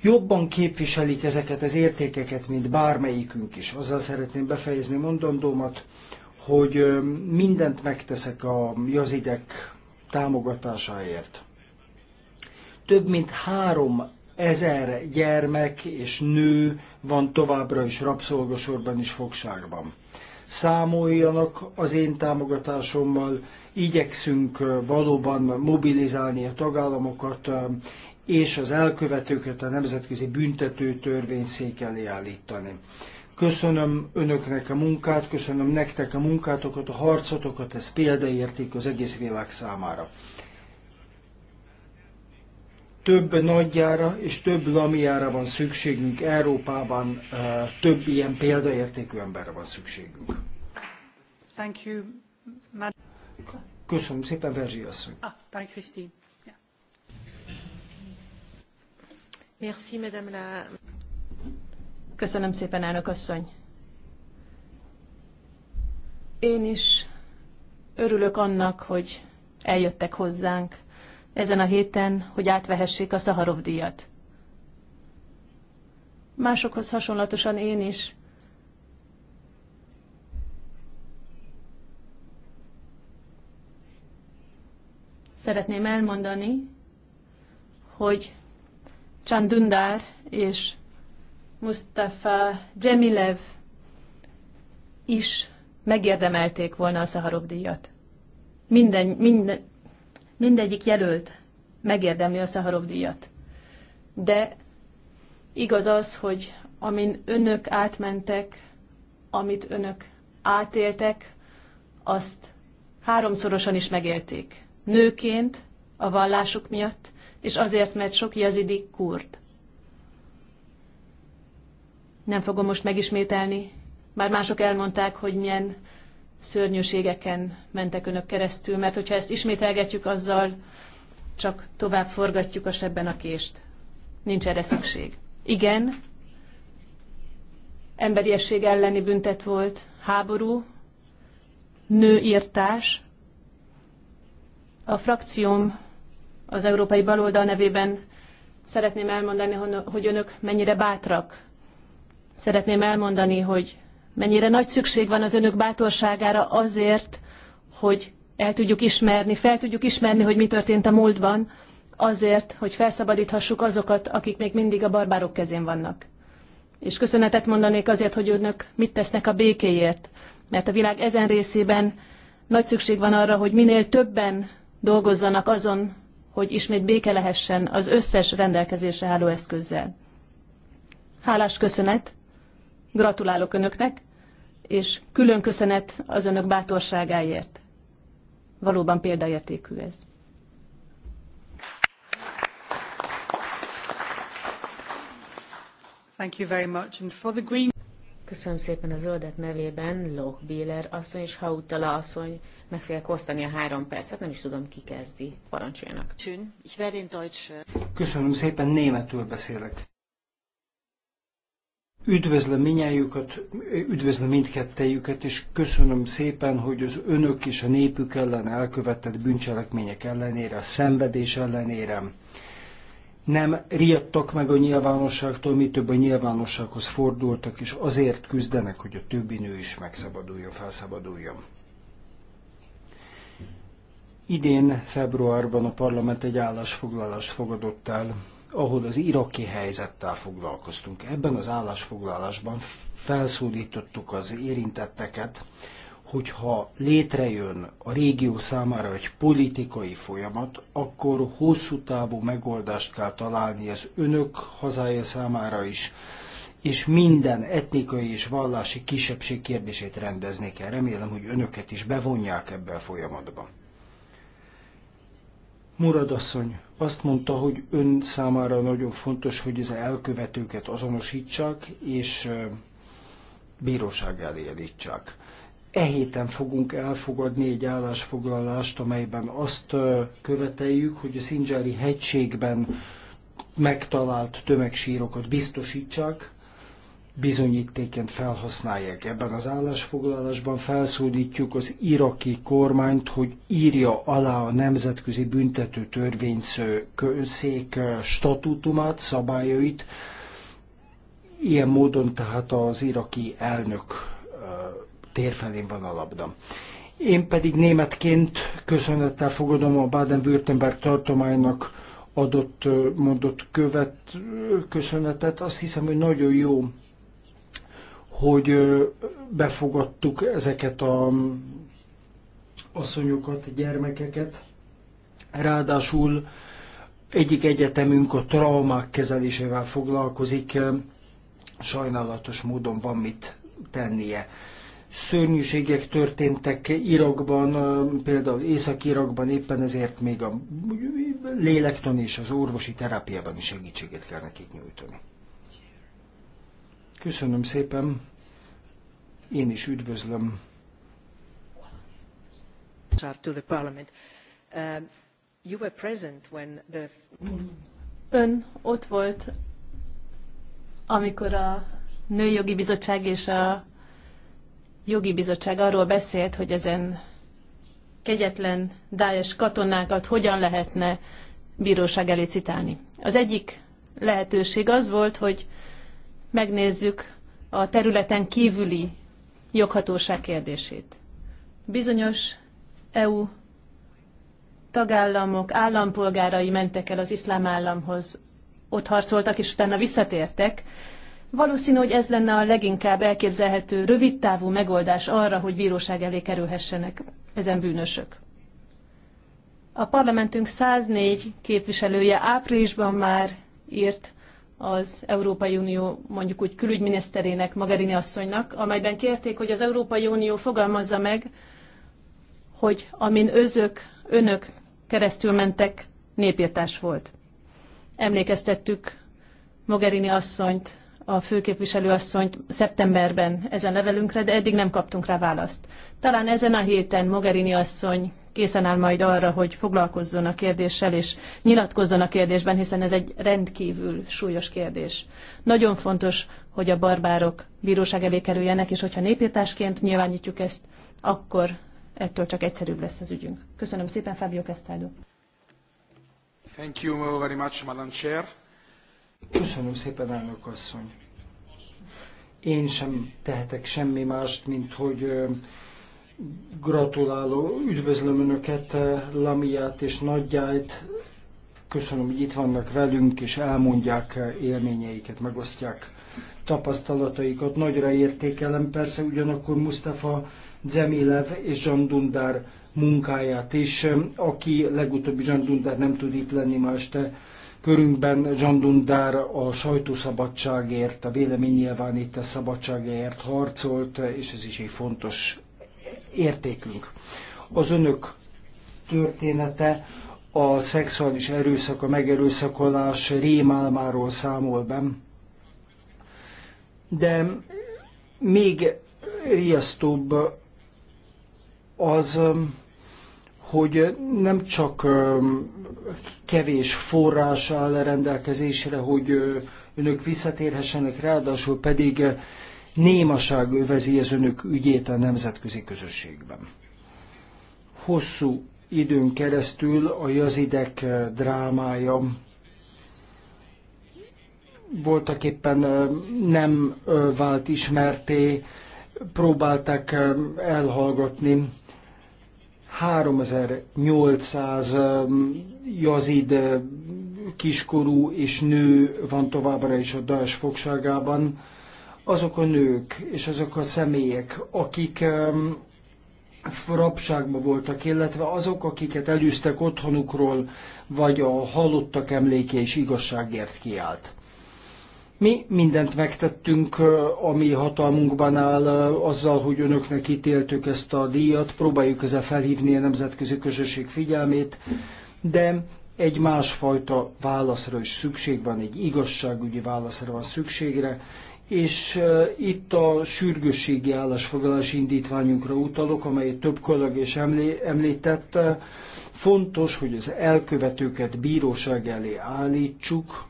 Jobban képviselik ezeket az értékeket, mint bármelyikünk is. Azzal szeretném befejezni mondandómat, hogy mindent megteszek a jazidek támogatásáért több mint három ezer gyermek és nő van továbbra is rabszolgasorban és fogságban. Számoljanak az én támogatásommal, igyekszünk valóban mobilizálni a tagállamokat, és az elkövetőket a Nemzetközi Büntető Törvényszék elé állítani. Köszönöm önöknek a munkát, köszönöm nektek a munkátokat, a harcotokat, ez példaérték az egész világ számára több nagyjára és több lamiára van szükségünk Európában, több ilyen példaértékű emberre van szükségünk. Thank you, Köszönöm szépen, Verzsi asszony. Ah, Merci, Madame la... Köszönöm szépen, elnök asszony. Én is örülök annak, hogy eljöttek hozzánk ezen a héten, hogy átvehessék a Szaharov díjat. Másokhoz hasonlatosan én is szeretném elmondani, hogy Csandundár és Mustafa Dzsemilev is megérdemelték volna a Szaharov díjat. Minden, minden, mindegyik jelölt megérdemli a Szaharov díjat. De igaz az, hogy amin önök átmentek, amit önök átéltek, azt háromszorosan is megélték. Nőként, a vallásuk miatt, és azért, mert sok jazidi kurd. Nem fogom most megismételni, már mások elmondták, hogy milyen szörnyűségeken mentek önök keresztül, mert hogyha ezt ismételgetjük, azzal csak tovább forgatjuk a sebben a kést. Nincs erre szükség. Igen, emberiesség elleni büntet volt, háború, nőírtás. A frakcióm az Európai Baloldal nevében szeretném elmondani, hogy önök mennyire bátrak. Szeretném elmondani, hogy mennyire nagy szükség van az önök bátorságára azért, hogy el tudjuk ismerni, fel tudjuk ismerni, hogy mi történt a múltban, azért, hogy felszabadíthassuk azokat, akik még mindig a barbárok kezén vannak. És köszönetet mondanék azért, hogy önök mit tesznek a békéért, mert a világ ezen részében nagy szükség van arra, hogy minél többen dolgozzanak azon, hogy ismét béke lehessen az összes rendelkezésre álló eszközzel. Hálás köszönet Gratulálok Önöknek, és külön köszönet az Önök bátorságáért. Valóban példaértékű ez. Thank you very much. And for the green... Köszönöm szépen a zöldek nevében, Lochbiller asszony és Hautala asszony. Meg fogják osztani a három percet, nem is tudom, ki kezdi. Parancsoljanak. Äh, Köszönöm szépen, németül beszélek. Üdvözlöm minnyájukat, üdvözlöm mindkettejüket, és köszönöm szépen, hogy az önök és a népük ellen elkövetett bűncselekmények ellenére, a szenvedés ellenére nem riadtak meg a nyilvánosságtól, mi több a nyilvánossághoz fordultak, és azért küzdenek, hogy a többi nő is megszabaduljon, felszabaduljon. Idén, februárban a parlament egy állásfoglalást fogadott el, ahol az iraki helyzettel foglalkoztunk. Ebben az állásfoglalásban felszólítottuk az érintetteket, hogyha létrejön a régió számára egy politikai folyamat, akkor hosszú távú megoldást kell találni az önök hazája számára is, és minden etnikai és vallási kisebbség kérdését rendezni kell. Remélem, hogy önöket is bevonják ebbe a folyamatba. Murad asszony azt mondta, hogy ön számára nagyon fontos, hogy az elkövetőket azonosítsák és bíróság elé állítsák. E héten fogunk elfogadni egy állásfoglalást, amelyben azt követeljük, hogy a Szindzsári hegységben megtalált tömegsírokat biztosítsák, bizonyítéként felhasználják. Ebben az állásfoglalásban felszólítjuk az iraki kormányt, hogy írja alá a Nemzetközi Büntető Törvényszék statútumát, szabályait. Ilyen módon tehát az iraki elnök térfelén van a labda. Én pedig németként köszönettel fogadom a Baden-Württemberg tartománynak adott, mondott követ, köszönetet. Azt hiszem, hogy nagyon jó hogy befogadtuk ezeket a mm, asszonyokat, gyermekeket. Ráadásul egyik egyetemünk a traumák kezelésével foglalkozik, sajnálatos módon van mit tennie. Szörnyűségek történtek Irakban, például Észak-Irakban, éppen ezért még a lélektan és az orvosi terápiában is segítséget kell nekik nyújtani. Köszönöm szépen. Én is üdvözlöm. Um, Ön ott volt, amikor a Nőjogi Bizottság és a Jogi Bizottság arról beszélt, hogy ezen kegyetlen dájes katonákat hogyan lehetne bíróság elé citálni. Az egyik lehetőség az volt, hogy megnézzük a területen kívüli joghatóság kérdését. Bizonyos EU tagállamok állampolgárai mentek el az iszlám államhoz, ott harcoltak, és utána visszatértek. Valószínű, hogy ez lenne a leginkább elképzelhető rövidtávú megoldás arra, hogy bíróság elé kerülhessenek ezen bűnösök. A parlamentünk 104 képviselője áprilisban már írt az Európai Unió mondjuk úgy külügyminiszterének, Magarini asszonynak, amelyben kérték, hogy az Európai Unió fogalmazza meg, hogy amin özök, önök keresztül mentek, népírtás volt. Emlékeztettük Mogherini asszonyt, a főképviselő asszonyt szeptemberben ezen levelünkre, de eddig nem kaptunk rá választ. Talán ezen a héten Mogherini asszony készen áll majd arra, hogy foglalkozzon a kérdéssel és nyilatkozzon a kérdésben, hiszen ez egy rendkívül súlyos kérdés. Nagyon fontos, hogy a barbárok bíróság elé kerüljenek, és hogyha népírtásként nyilvánítjuk ezt, akkor ettől csak egyszerűbb lesz az ügyünk. Köszönöm szépen, Fábio Castaldo. Thank you very much, Madam Chair. Köszönöm szépen, elnök asszony. Én sem tehetek semmi mást, mint hogy gratuláló, üdvözlöm Önöket, Lamiát és Nagyjájt. Köszönöm, hogy itt vannak velünk, és elmondják élményeiket, megosztják tapasztalataikat. Nagyra értékelem persze ugyanakkor Mustafa Zemilev és Jean Dundar munkáját is, aki legutóbbi Jean Dundar nem tud itt lenni ma este, körünkben John Dundar a sajtószabadságért, a véleménynyilvánítás szabadságért harcolt, és ez is egy fontos értékünk. Az önök története a szexuális erőszak, a megerőszakolás rémálmáról számol be. De még riasztóbb az, hogy nem csak kevés forrás áll rendelkezésre, hogy önök visszatérhessenek, ráadásul pedig némaság övezi az önök ügyét a nemzetközi közösségben. Hosszú időn keresztül a jazidek eh, drámája voltak éppen eh, nem eh, vált ismerté, próbálták elhallgatni 3800 jazid kiskorú és nő van továbbra is a Daesh fogságában azok a nők és azok a személyek, akik rabságba voltak, illetve azok, akiket elűztek otthonukról, vagy a halottak emléke és igazságért kiállt. Mi mindent megtettünk, ami hatalmunkban áll, azzal, hogy önöknek ítéltük ezt a díjat, próbáljuk ezzel felhívni a nemzetközi közösség figyelmét, de egy másfajta válaszra is szükség van, egy igazságügyi válaszra van szükségre, és itt a sürgősségi állásfoglalás indítványunkra utalok, amelyet több kollég is említette. Fontos, hogy az elkövetőket bíróság elé állítsuk,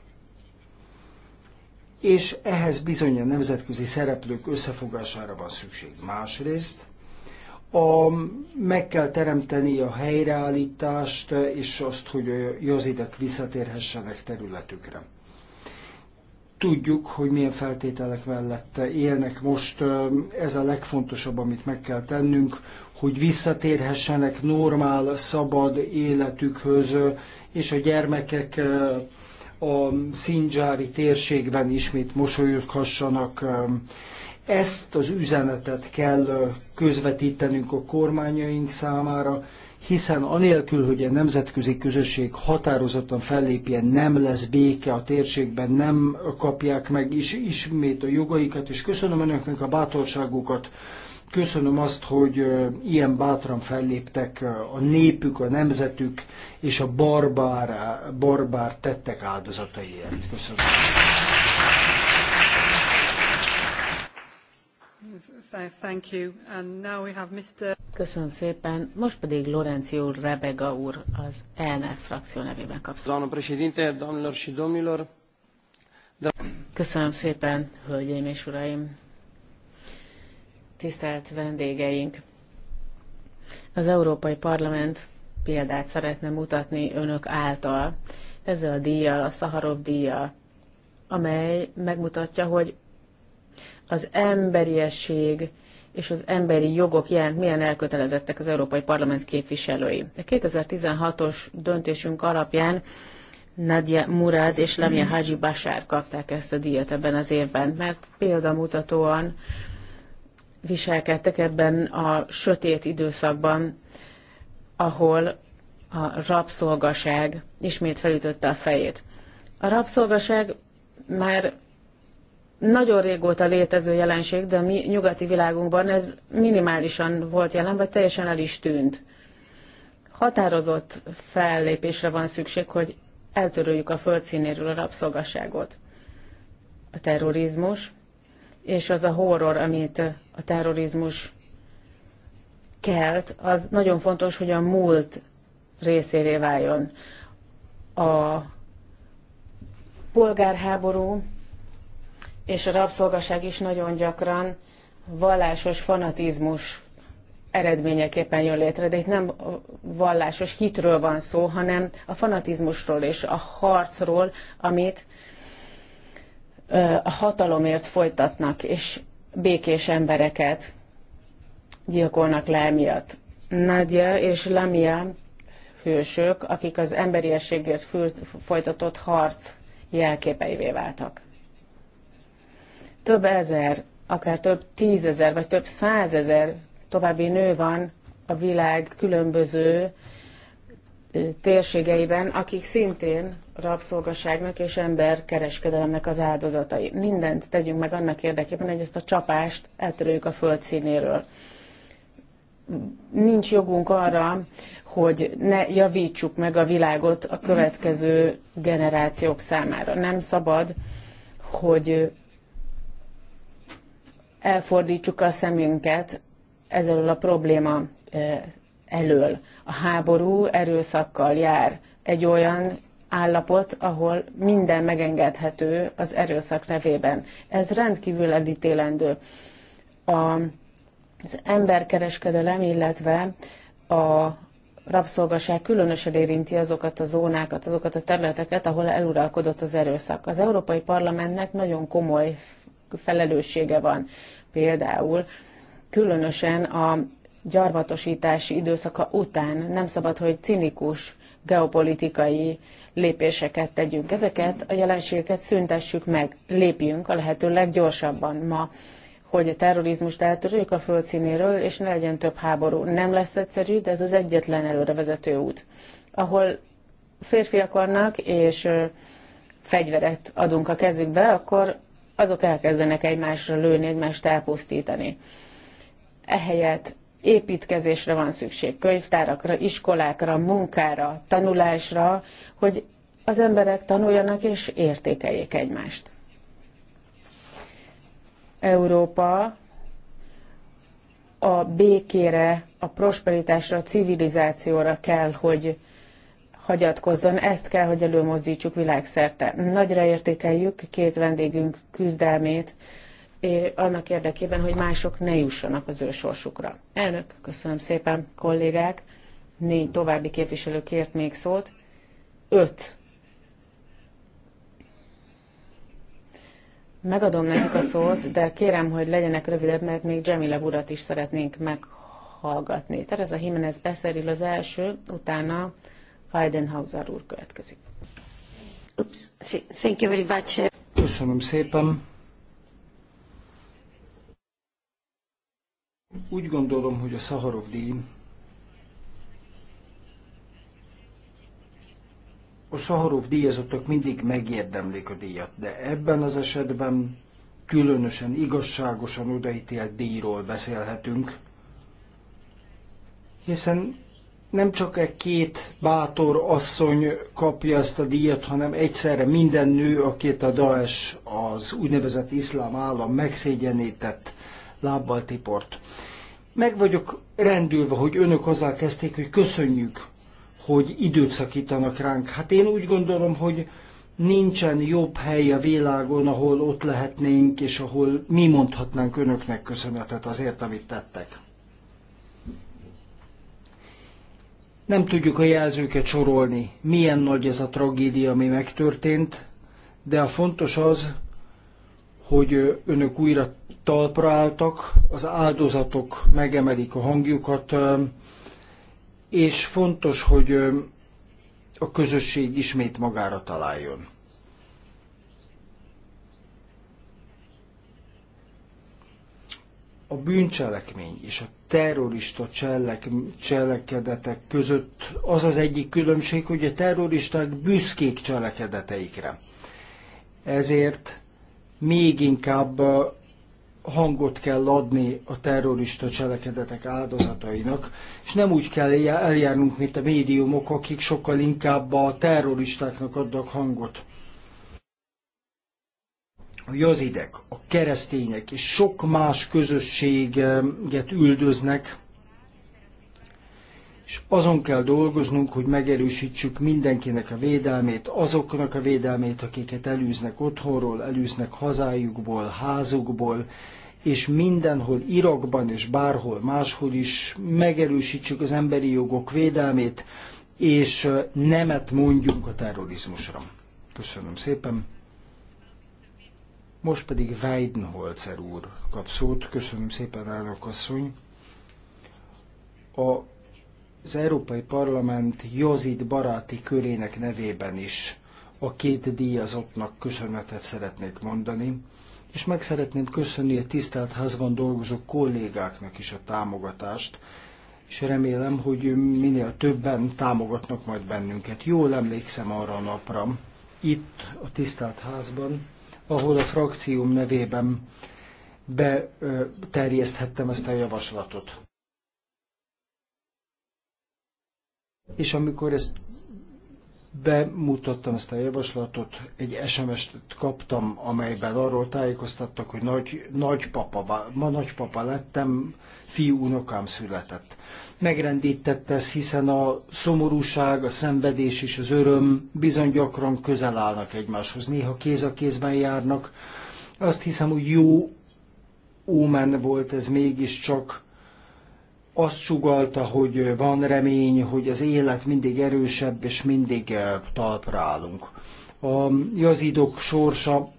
és ehhez bizony a nemzetközi szereplők összefogására van szükség. Másrészt a, meg kell teremteni a helyreállítást, és azt, hogy a jazidek visszatérhessenek területükre. Tudjuk, hogy milyen feltételek mellett élnek most, ez a legfontosabb, amit meg kell tennünk, hogy visszatérhessenek normál, szabad életükhöz, és a gyermekek a Szindzsári térségben ismét mosolyoghassanak. Ezt az üzenetet kell közvetítenünk a kormányaink számára, hiszen anélkül, hogy a nemzetközi közösség határozottan fellépjen, nem lesz béke a térségben, nem kapják meg is, ismét a jogaikat, és köszönöm önöknek a bátorságukat, köszönöm azt, hogy ilyen bátran felléptek a népük, a nemzetük és a barbár, barbár tettek áldozataiért. Köszönöm. Thank you. And now we have Mr. Köszönöm szépen. Most pedig Lorencio Rebega úr az ELNF frakció nevében kapsz. Köszönöm szépen, hölgyeim és uraim. Tisztelt vendégeink. Az Európai Parlament példát szeretne mutatni önök által, ezzel a díjjal, a Szaharov díjjal, amely megmutatja, hogy az emberiesség és az emberi jogok jelent milyen elkötelezettek az Európai Parlament képviselői. A 2016-os döntésünk alapján Nadia Murad és Lamia Haji Bashar kapták ezt a díjat ebben az évben, mert példamutatóan viselkedtek ebben a sötét időszakban, ahol a rabszolgaság ismét felütötte a fejét. A rabszolgaság már nagyon régóta létező jelenség, de a mi nyugati világunkban ez minimálisan volt jelen, vagy teljesen el is tűnt. Határozott fellépésre van szükség, hogy eltöröljük a földszínéről a rabszolgasságot. A terrorizmus, és az a horror, amit a terrorizmus kelt, az nagyon fontos, hogy a múlt részévé váljon. A polgárháború és a rabszolgaság is nagyon gyakran vallásos fanatizmus eredményeképpen jön létre, de itt nem vallásos hitről van szó, hanem a fanatizmusról és a harcról, amit a hatalomért folytatnak, és békés embereket gyilkolnak le emiatt. Nadja és Lamia hősök, akik az emberiességért folytatott harc jelképeivé váltak több ezer, akár több tízezer, vagy több százezer további nő van a világ különböző térségeiben, akik szintén rabszolgaságnak és emberkereskedelemnek az áldozatai. Mindent tegyünk meg annak érdekében, hogy ezt a csapást eltörőjük a föld színéről. Nincs jogunk arra, hogy ne javítsuk meg a világot a következő generációk számára. Nem szabad, hogy elfordítsuk a szemünket ezzel a probléma elől. A háború erőszakkal jár egy olyan állapot, ahol minden megengedhető az erőszak nevében. Ez rendkívül elítélendő. A, az emberkereskedelem, illetve a rabszolgaság különösen érinti azokat a zónákat, azokat a területeket, ahol eluralkodott az erőszak. Az Európai Parlamentnek nagyon komoly felelőssége van. Például különösen a gyarmatosítási időszaka után nem szabad, hogy cinikus geopolitikai lépéseket tegyünk. Ezeket a jelenségeket szüntessük meg, lépjünk a lehető leggyorsabban ma, hogy a terrorizmust eltörjük a földszínéről, és ne legyen több háború. Nem lesz egyszerű, de ez az egyetlen előre vezető út, ahol férfiak vannak, és fegyveret adunk a kezükbe, akkor azok elkezdenek egymásra lőni, egymást elpusztítani. Ehelyett építkezésre van szükség, könyvtárakra, iskolákra, munkára, tanulásra, hogy az emberek tanuljanak és értékeljék egymást. Európa a békére, a prosperitásra, a civilizációra kell, hogy hagyatkozzon. Ezt kell, hogy előmozdítsuk világszerte. Nagyra értékeljük két vendégünk küzdelmét, annak érdekében, hogy mások ne jussanak az ő sorsukra. Elnök, köszönöm szépen, kollégák. Négy további képviselő kért még szót. Öt. Megadom nekik a szót, de kérem, hogy legyenek rövidebb, mert még Jamila urat is szeretnénk meghallgatni. Tehát ez a Jimenez beszerül az első, utána Weidenhauser úr következik. thank you very much. Köszönöm szépen. Úgy gondolom, hogy a Szaharov díj a Szaharov díjazottak mindig megérdemlik a díjat, de ebben az esetben különösen igazságosan odaítélt díjról beszélhetünk, hiszen nem csak egy két bátor asszony kapja ezt a díjat, hanem egyszerre minden nő, akit a Daesh, az úgynevezett iszlám állam megszégyenített lábbal tiport. Meg vagyok rendülve, hogy önök azzal kezdték, hogy köszönjük, hogy időt szakítanak ránk. Hát én úgy gondolom, hogy nincsen jobb hely a világon, ahol ott lehetnénk, és ahol mi mondhatnánk önöknek köszönetet azért, amit tettek. Nem tudjuk a jelzőket sorolni, milyen nagy ez a tragédia, ami megtörtént, de a fontos az, hogy önök újra talpra álltak, az áldozatok megemelik a hangjukat, és fontos, hogy a közösség ismét magára találjon. A bűncselekmény és a terrorista cselek, cselekedetek között az az egyik különbség, hogy a terroristák büszkék cselekedeteikre. Ezért még inkább uh, hangot kell adni a terrorista cselekedetek áldozatainak, és nem úgy kell eljárnunk, mint a médiumok, akik sokkal inkább a terroristáknak adnak hangot a jazidek, a keresztények és sok más közösséget üldöznek, és azon kell dolgoznunk, hogy megerősítsük mindenkinek a védelmét, azoknak a védelmét, akiket elűznek otthonról, elűznek hazájukból, házukból, és mindenhol Irakban és bárhol máshol is megerősítsük az emberi jogok védelmét, és nemet mondjunk a terrorizmusra. Köszönöm szépen! Most pedig Weidenholzer úr kap szót. Köszönöm szépen, elnök asszony. A, az Európai Parlament Jozit baráti körének nevében is a két díjazottnak köszönetet szeretnék mondani, és meg szeretném köszönni a tisztelt házban dolgozó kollégáknak is a támogatást, és remélem, hogy minél többen támogatnak majd bennünket. Jól emlékszem arra a napra, itt a tisztelt házban, ahol a frakcióm nevében beterjeszthettem ezt a javaslatot. És amikor ezt bemutattam ezt a javaslatot, egy SMS-t kaptam, amelyben arról tájékoztattak, hogy nagy, nagypapa, ma nagypapa lettem, fiú unokám született. Megrendített ez, hiszen a szomorúság, a szenvedés és az öröm bizony gyakran közel állnak egymáshoz, néha kéz a kézben járnak. Azt hiszem, hogy jó ómen volt ez mégiscsak, azt sugalta, hogy van remény, hogy az élet mindig erősebb, és mindig eh, talpra állunk. A jazidok sorsa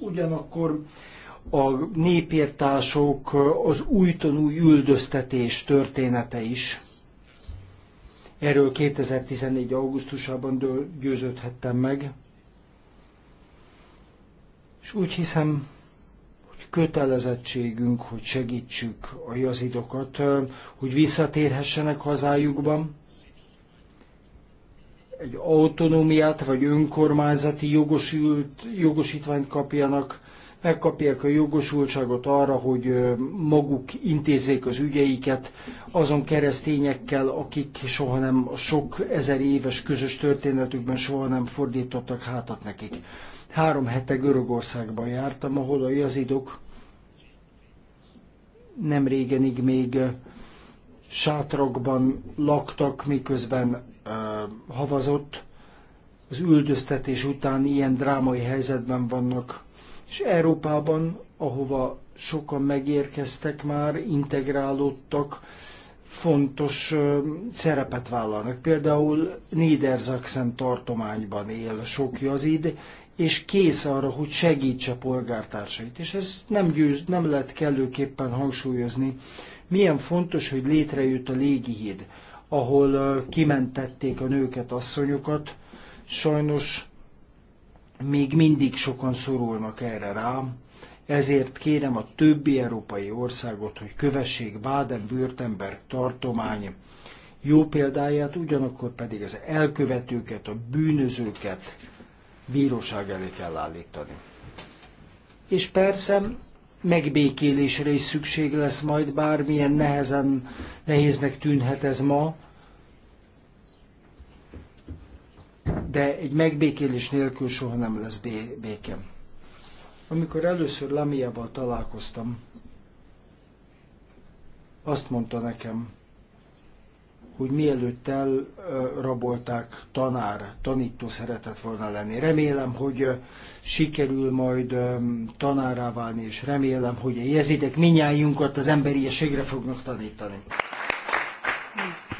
ugyanakkor a népírtások, az újtonú üldöztetés története is. Erről 2014. augusztusában győződhettem meg. És úgy hiszem, hogy kötelezettségünk, hogy segítsük a jazidokat, hogy visszatérhessenek hazájukban, egy autonómiát vagy önkormányzati jogosült, jogosítványt kapjanak, megkapják a jogosultságot arra, hogy maguk intézzék az ügyeiket azon keresztényekkel, akik soha nem, sok ezer éves közös történetükben soha nem fordítottak hátat nekik. Három hete Görögországban jártam, ahol a jazidok nem régenig még sátrakban laktak, miközben uh, havazott. Az üldöztetés után ilyen drámai helyzetben vannak. És Európában, ahova sokan megérkeztek már, integrálódtak, fontos uh, szerepet vállalnak. Például Niedersachsen tartományban él sok jazid, és kész arra, hogy segítse polgártársait. És ezt nem, győz, nem lehet kellőképpen hangsúlyozni. Milyen fontos, hogy létrejött a légihíd, ahol kimentették a nőket, asszonyokat. Sajnos még mindig sokan szorulnak erre rám, ezért kérem a többi európai országot, hogy kövessék Baden-Württemberg tartomány jó példáját, ugyanakkor pedig az elkövetőket, a bűnözőket bíróság elé kell állítani. És persze megbékélésre is szükség lesz majd, bármilyen nehezen, nehéznek tűnhet ez ma, de egy megbékélés nélkül soha nem lesz békem. Amikor először Lamiával találkoztam, azt mondta nekem, hogy mielőtt elrabolták tanár, tanító szeretett volna lenni. Remélem, hogy sikerül majd tanárá válni, és remélem, hogy a jezidek minnyájunkat az emberiességre fognak tanítani.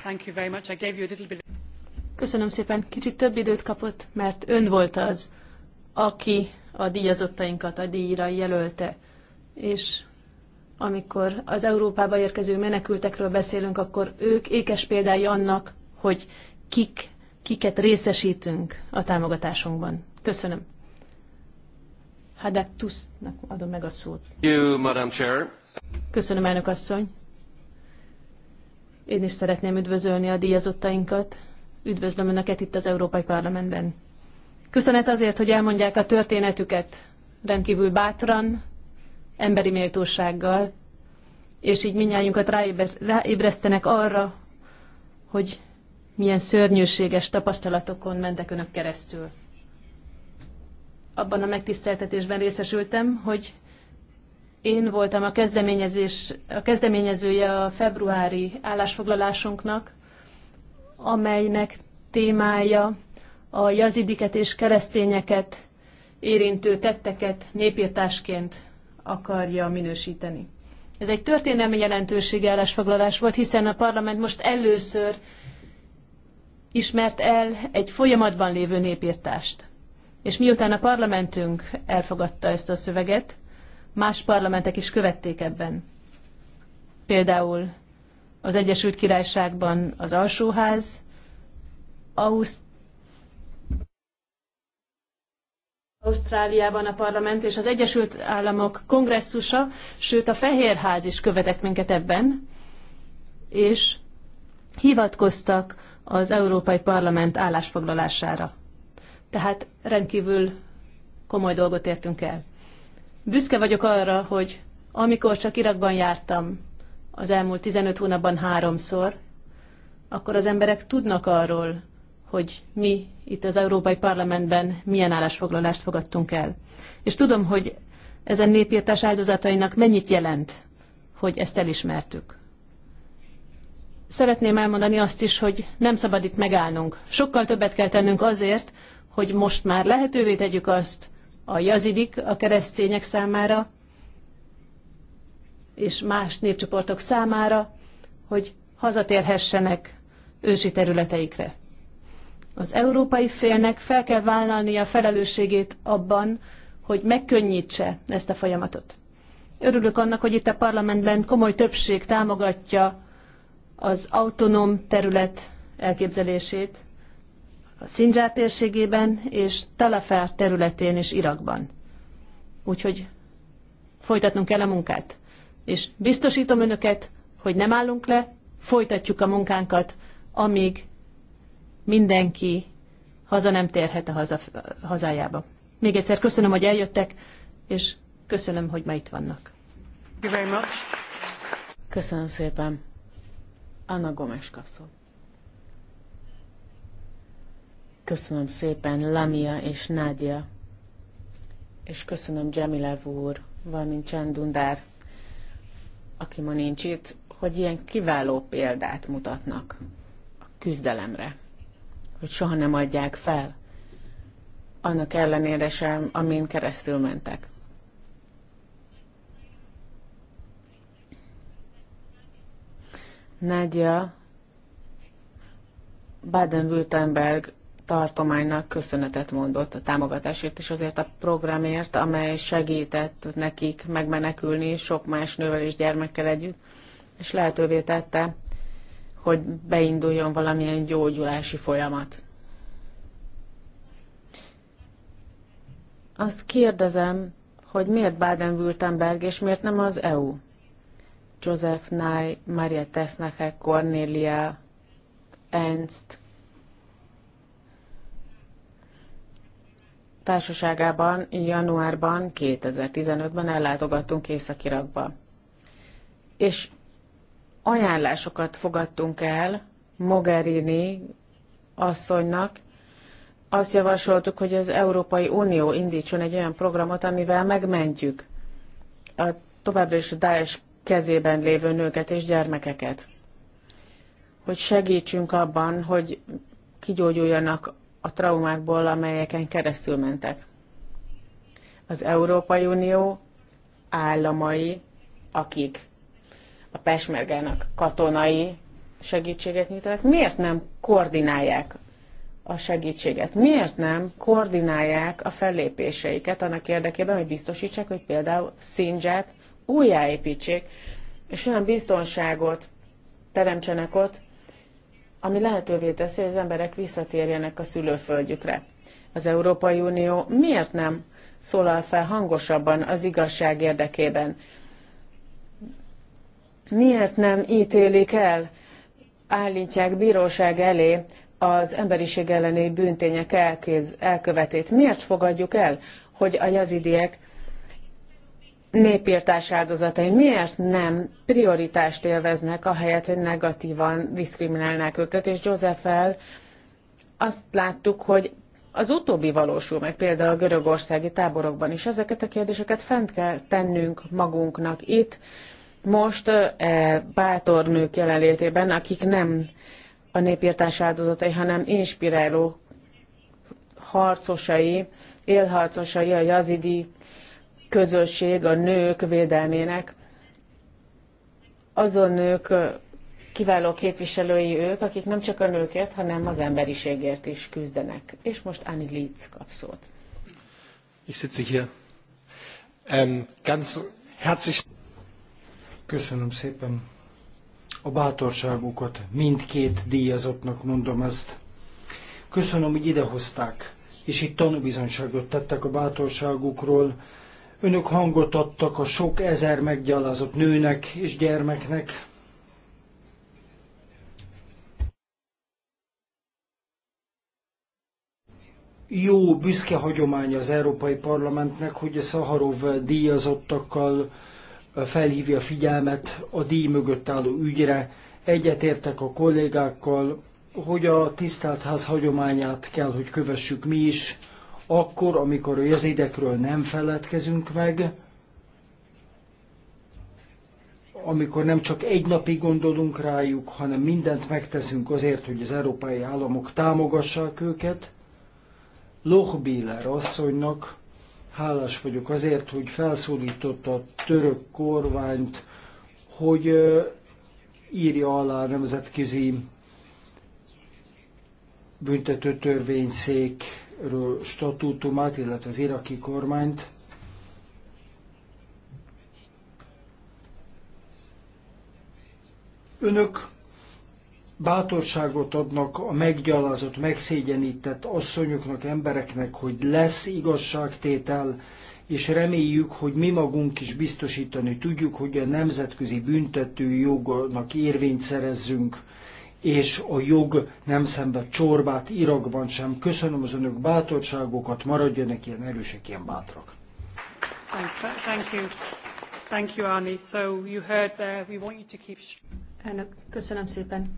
Thank you very much. I gave you a little bit... Köszönöm szépen. Kicsit több időt kapott, mert ön volt az, aki a díjazottainkat a díjra jelölte. És amikor az Európába érkező menekültekről beszélünk, akkor ők ékes példái annak, hogy kik, kiket részesítünk a támogatásunkban. Köszönöm. Hadek Tusznak adom meg a szót. You, Madam Chair. Köszönöm, elnök asszony. Én is szeretném üdvözölni a díjazottainkat. Üdvözlöm Önöket itt az Európai Parlamentben. Köszönet azért, hogy elmondják a történetüket rendkívül bátran, emberi méltósággal, és így minnyájunkat ráébresztenek arra, hogy milyen szörnyűséges tapasztalatokon mentek önök keresztül. Abban a megtiszteltetésben részesültem, hogy én voltam a, kezdeményezés, a kezdeményezője a februári állásfoglalásunknak, amelynek témája a jazidiket és keresztényeket érintő tetteket népírtásként akarja minősíteni. Ez egy történelmi jelentőségi állásfoglalás volt, hiszen a parlament most először ismert el egy folyamatban lévő népírtást. És miután a parlamentünk elfogadta ezt a szöveget, más parlamentek is követték ebben. Például az Egyesült Királyságban az Alsóház, Ausztria, Ausztráliában a parlament és az Egyesült Államok kongresszusa, sőt a Fehérház is követett minket ebben, és hivatkoztak az Európai Parlament állásfoglalására. Tehát rendkívül komoly dolgot értünk el. Büszke vagyok arra, hogy amikor csak Irakban jártam az elmúlt 15 hónapban háromszor, akkor az emberek tudnak arról, hogy mi itt az Európai Parlamentben milyen állásfoglalást fogadtunk el. És tudom, hogy ezen népírtás áldozatainak mennyit jelent, hogy ezt elismertük. Szeretném elmondani azt is, hogy nem szabad itt megállnunk. Sokkal többet kell tennünk azért, hogy most már lehetővé tegyük azt a jazidik a keresztények számára, és más népcsoportok számára, hogy hazatérhessenek ősi területeikre. Az európai félnek fel kell vállalnia a felelősségét abban, hogy megkönnyítse ezt a folyamatot. Örülök annak, hogy itt a parlamentben komoly többség támogatja az autonóm terület elképzelését a Szindzsár térségében és Talafár területén és Irakban. Úgyhogy folytatnunk kell a munkát. És biztosítom önöket, hogy nem állunk le, folytatjuk a munkánkat, amíg mindenki haza nem térhet a haza, hazájába. Még egyszer köszönöm, hogy eljöttek, és köszönöm, hogy ma itt vannak. Köszönöm szépen. Anna Gomes kapszol. Köszönöm szépen Lamia és Nádia, és köszönöm Jemilev úr, valamint Csendundár, aki ma nincs itt, hogy ilyen kiváló példát mutatnak a küzdelemre hogy soha nem adják fel, annak ellenére sem, amin keresztül mentek. Nagyja Baden-Württemberg tartománynak köszönetet mondott a támogatásért és azért a programért, amely segített nekik megmenekülni sok más nővel és gyermekkel együtt, és lehetővé tette, hogy beinduljon valamilyen gyógyulási folyamat. Azt kérdezem, hogy miért Baden-Württemberg, és miért nem az EU? Joseph Nye, Maria Tesnache, Cornelia, Ernst társaságában januárban 2015-ben ellátogattunk Észak-Irakba. És ajánlásokat fogadtunk el Mogherini asszonynak. Azt javasoltuk, hogy az Európai Unió indítson egy olyan programot, amivel megmentjük a továbbra is a Daesh kezében lévő nőket és gyermekeket. Hogy segítsünk abban, hogy kigyógyuljanak a traumákból, amelyeken keresztül mentek. Az Európai Unió államai, akik a Pesmergának katonai segítséget nyújtanak, miért nem koordinálják a segítséget? Miért nem koordinálják a fellépéseiket annak érdekében, hogy biztosítsák, hogy például Szindzsát újjáépítsék, és olyan biztonságot teremtsenek ott, ami lehetővé teszi, hogy az emberek visszatérjenek a szülőföldjükre. Az Európai Unió miért nem szólal fel hangosabban az igazság érdekében? miért nem ítélik el, állítják bíróság elé az emberiség elleni bűntények elképz, elkövetét? Miért fogadjuk el, hogy a jazidiek népírtás áldozatai miért nem prioritást élveznek, ahelyett, hogy negatívan diszkriminálnák őket, és Joseph el azt láttuk, hogy az utóbbi valósul meg például a görögországi táborokban is. Ezeket a kérdéseket fent kell tennünk magunknak itt, most e, bátor nők jelenlétében, akik nem a népírtás áldozatai, hanem inspiráló harcosai, élharcosai a jazidi közösség a nők védelmének. Azon nők kiváló képviselői ők, akik nem csak a nőkért, hanem az emberiségért is küzdenek. És most Anni Litz kap szót. Ich sitze hier. Ähm, ganz herzlich Köszönöm szépen a bátorságukat, mindkét díjazottnak mondom ezt. Köszönöm, hogy idehozták, és itt tanúbizonyságot tettek a bátorságukról. Önök hangot adtak a sok ezer meggyalázott nőnek és gyermeknek, jó, büszke hagyomány az Európai Parlamentnek, hogy a Szaharov díjazottakkal felhívja a figyelmet a díj mögött álló ügyre. Egyetértek a kollégákkal, hogy a tisztelt ház hagyományát kell, hogy kövessük mi is, akkor, amikor a jezidekről nem feledkezünk meg, amikor nem csak egy napig gondolunk rájuk, hanem mindent megteszünk azért, hogy az európai államok támogassák őket, Lochbiller asszonynak Hálás vagyok azért, hogy felszólította a török kormányt, hogy írja alá a nemzetközi büntető törvényszékről statútumát, illetve az iraki kormányt. Önök bátorságot adnak a meggyalázott, megszégyenített asszonyoknak, embereknek, hogy lesz igazságtétel, és reméljük, hogy mi magunk is biztosítani tudjuk, hogy a nemzetközi büntető jognak érvényt szerezzünk, és a jog nem szenved csorbát Irakban sem. Köszönöm az önök bátorságokat, maradjanak ilyen erősek, ilyen bátrak. Thank you. Thank you, Arnie. So you heard there, we want you to keep... Elnök, köszönöm szépen.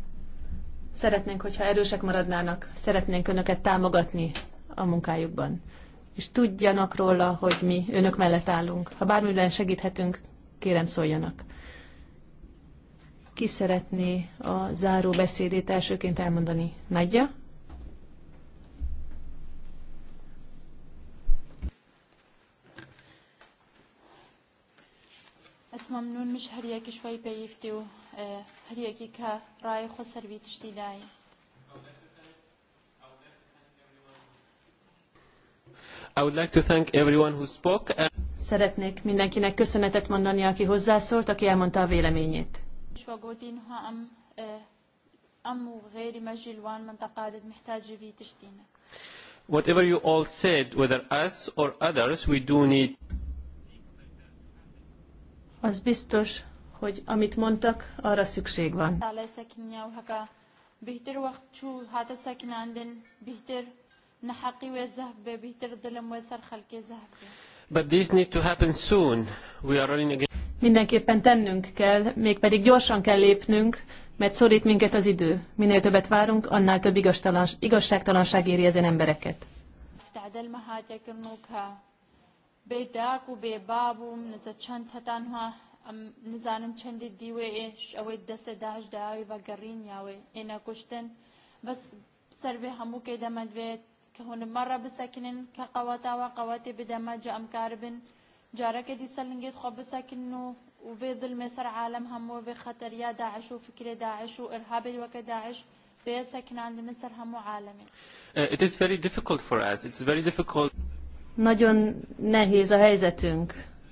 Szeretnénk, hogyha erősek maradnának, szeretnénk önöket támogatni a munkájukban. És tudjanak róla, hogy mi önök mellett állunk. Ha bármiben segíthetünk, kérem szóljanak. Ki szeretné a záró beszédét elsőként elmondani? Nagyja? اسمع منون مش هرياكي شوي بيفتي هەریەکی کە ڕای خۆ سەروی I would like to thank everyone who spoke. And... Szeretnék mindenkinek köszönetet mondani, aki hozzászólt, aki elmondta a véleményét. Whatever you all said, whether us or others, we do need... Az biztos, hogy amit mondtak, arra szükség van. But this need to happen soon. We are running again. Mindenképpen tennünk kell, mégpedig gyorsan kell lépnünk, mert szorít minket az idő. Minél többet várunk, annál több igazságtalanság éri ezen embereket. بيداك وبيباب ومن ئەم نزانم چەندی دیوێ ئێش ئەوەی دەسێ داهش داوی بە گەڕین یاوێ ئێنە کوشتن بەس سەرێ هەموو کەی دەمەدوێت کە هونمەڕە بسەکنن کە قەوەتاوە قەوەتی بدەمە جە ئەم کار بن جارەکە دیسە لنگێت خۆ بسەکن و وبێ دڵمێ سەر عالم هەموو بێ خەتەریا داعش و فکرێ داعش و ئرهابێت وەکە داعش بێ سەکناندن سەر هەموو عالمێ. It is very difficult for us. It's very difficult. Nagyon nehéz a helyzetünk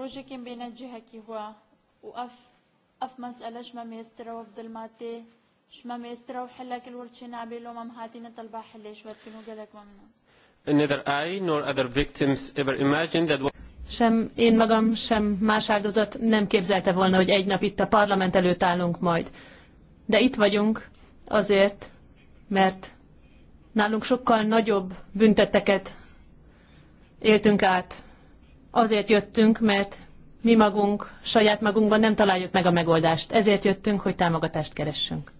ڕۆژێکم بێنەجی هەکیوە و ئەف ئەف مەسئلە شمە مێسترەوە بدڵماتێ شمە مێسترە و حلەکل وەرچێ نابێ لۆمەم هاتینە تەلبا حلێش وەرکن و گەلەکمە منە Neither I nor other victims ever imagined that sem én magam, sem más áldozat nem képzelte volna, hogy egy nap itt a parlament előtt állunk majd. De itt vagyunk azért, mert nálunk sokkal nagyobb bünteteket éltünk át, Azért jöttünk, mert mi magunk, saját magunkban nem találjuk meg a megoldást. Ezért jöttünk, hogy támogatást keressünk.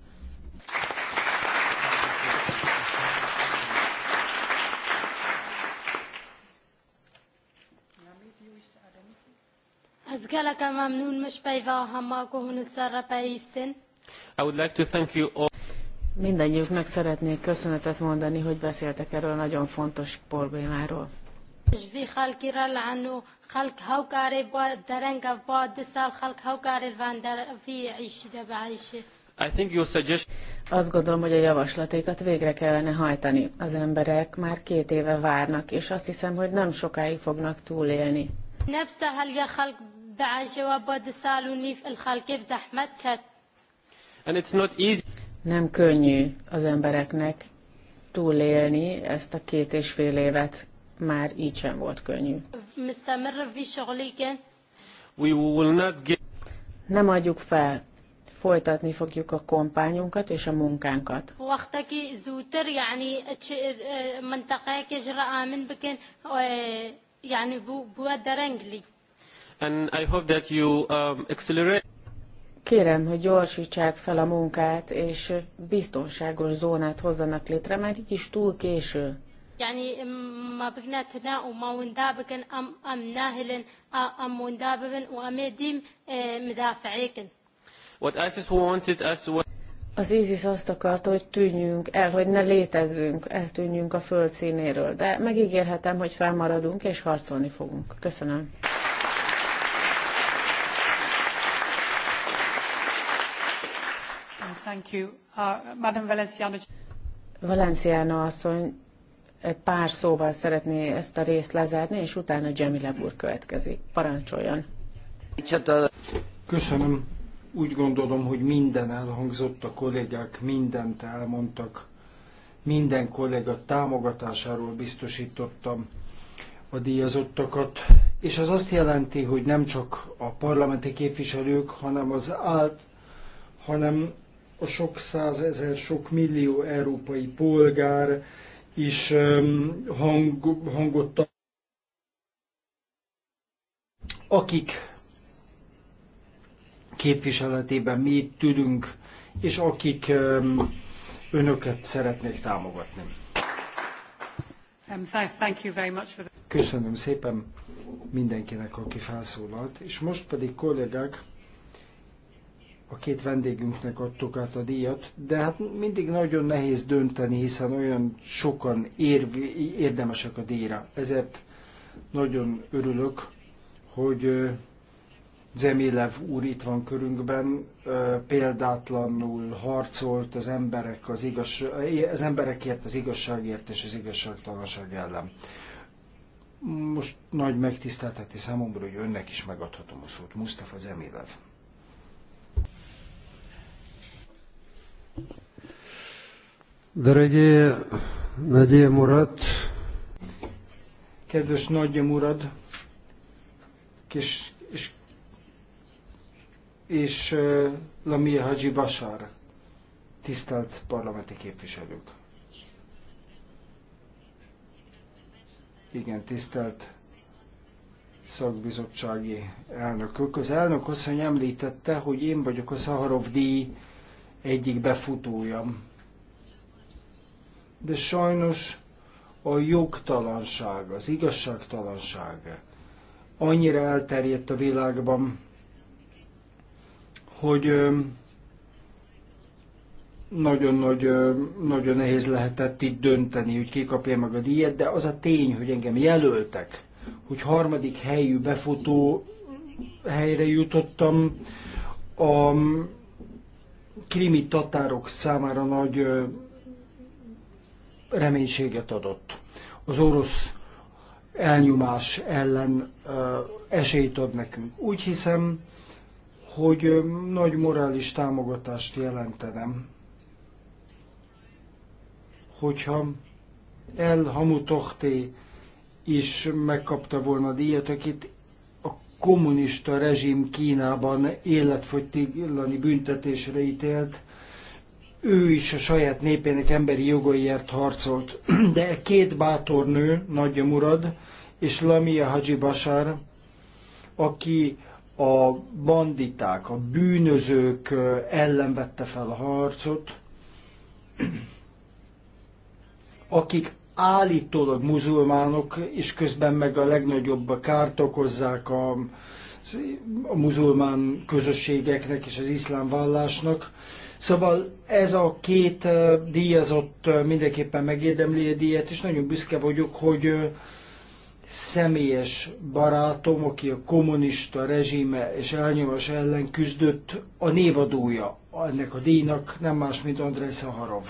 I would like to thank you all. Mindennyiüknek szeretnék köszönetet mondani, hogy beszéltek erről a nagyon fontos problémáról. جوی خلکی را لعنو خلک هاو کاری با درنگ با دسال خلک هاو کاری وان در فی عیشی ده بعیشی. I think you suggest... Azt gondolom, hogy a javaslatékat végre kellene hajtani. Az emberek már két éve várnak, és azt hiszem, hogy nem sokáig fognak túlélni. Nem könnyű az embereknek túlélni ezt a két és fél évet már így sem volt könnyű. Nem adjuk fel. Folytatni fogjuk a kompányunkat és a munkánkat. Kérem, hogy gyorsítsák fel a munkát, és biztonságos zónát hozzanak létre, mert így is túl késő. يعني ما بقنا تنا وما وندابكن أم أم ناهلن أم وندابن وأمديم مدافعيكن. What ISIS wanted us was az ISIS azt akarta, hogy tűnjünk el, hogy ne létezzünk, eltűnjünk a föld színéről. De megígérhetem, hogy felmaradunk és harcolni fogunk. Köszönöm. Thank you. Uh, Madam Valenciano. Valenciano asszony, pár szóval szeretné ezt a részt lezárni, és utána Jamila úr következik. Parancsoljon! Köszönöm. Úgy gondolom, hogy minden elhangzott, a kollégák mindent elmondtak. Minden kolléga támogatásáról biztosítottam a díjazottakat, és az azt jelenti, hogy nem csak a parlamenti képviselők, hanem az állt, hanem a sok százezer, sok millió európai polgár, is hang, hangot akik képviseletében mi tudunk, és akik önöket szeretnék támogatni. Um, Köszönöm szépen mindenkinek, aki felszólalt, és most pedig kollégák, a két vendégünknek adtuk át a díjat, de hát mindig nagyon nehéz dönteni, hiszen olyan sokan ér, érdemesek a díjra. Ezért nagyon örülök, hogy Zemélev úr itt van körünkben, példátlanul harcolt az, emberek az, igaz, az emberekért, az igazságért és az igazságtalanság ellen. Most nagy megtiszteltetés számomra, hogy önnek is megadhatom a szót. Mustafa Zemélev. Kedves Nagy Murad, kis és, és uh, Lamia Haji Basár, tisztelt parlamenti képviselők. Igen, tisztelt szakbizottsági elnökök. Az elnök asszony említette, hogy én vagyok a Szaharov díj egyik befutója. De sajnos a jogtalanság, az igazságtalanság annyira elterjedt a világban, hogy nagyon, nagy, nagyon nehéz lehetett itt dönteni, hogy ki kapja meg a díjat, de az a tény, hogy engem jelöltek, hogy harmadik helyű befutó helyre jutottam, a krimi tatárok számára nagy reménységet adott. Az orosz elnyomás ellen esélyt ad nekünk. Úgy hiszem, hogy nagy morális támogatást jelentenem, hogyha El Hamutohté is megkapta volna a díjat, akit kommunista rezsim Kínában életfogytiglani büntetésre ítélt, ő is a saját népének emberi jogaiért harcolt. De e két bátor nő, Nagyja Murad és Lamia Haji Bashar, aki a banditák, a bűnözők ellen vette fel a harcot, akik állítólag muzulmánok, és közben meg a legnagyobb kárt okozzák a, a muzulmán közösségeknek és az iszlám vallásnak. Szóval ez a két díjazott mindenképpen megérdemli a díjat, és nagyon büszke vagyok, hogy személyes barátom, aki a kommunista rezsime és elnyomás ellen küzdött, a névadója ennek a díjnak, nem más, mint Andrei Szaharov.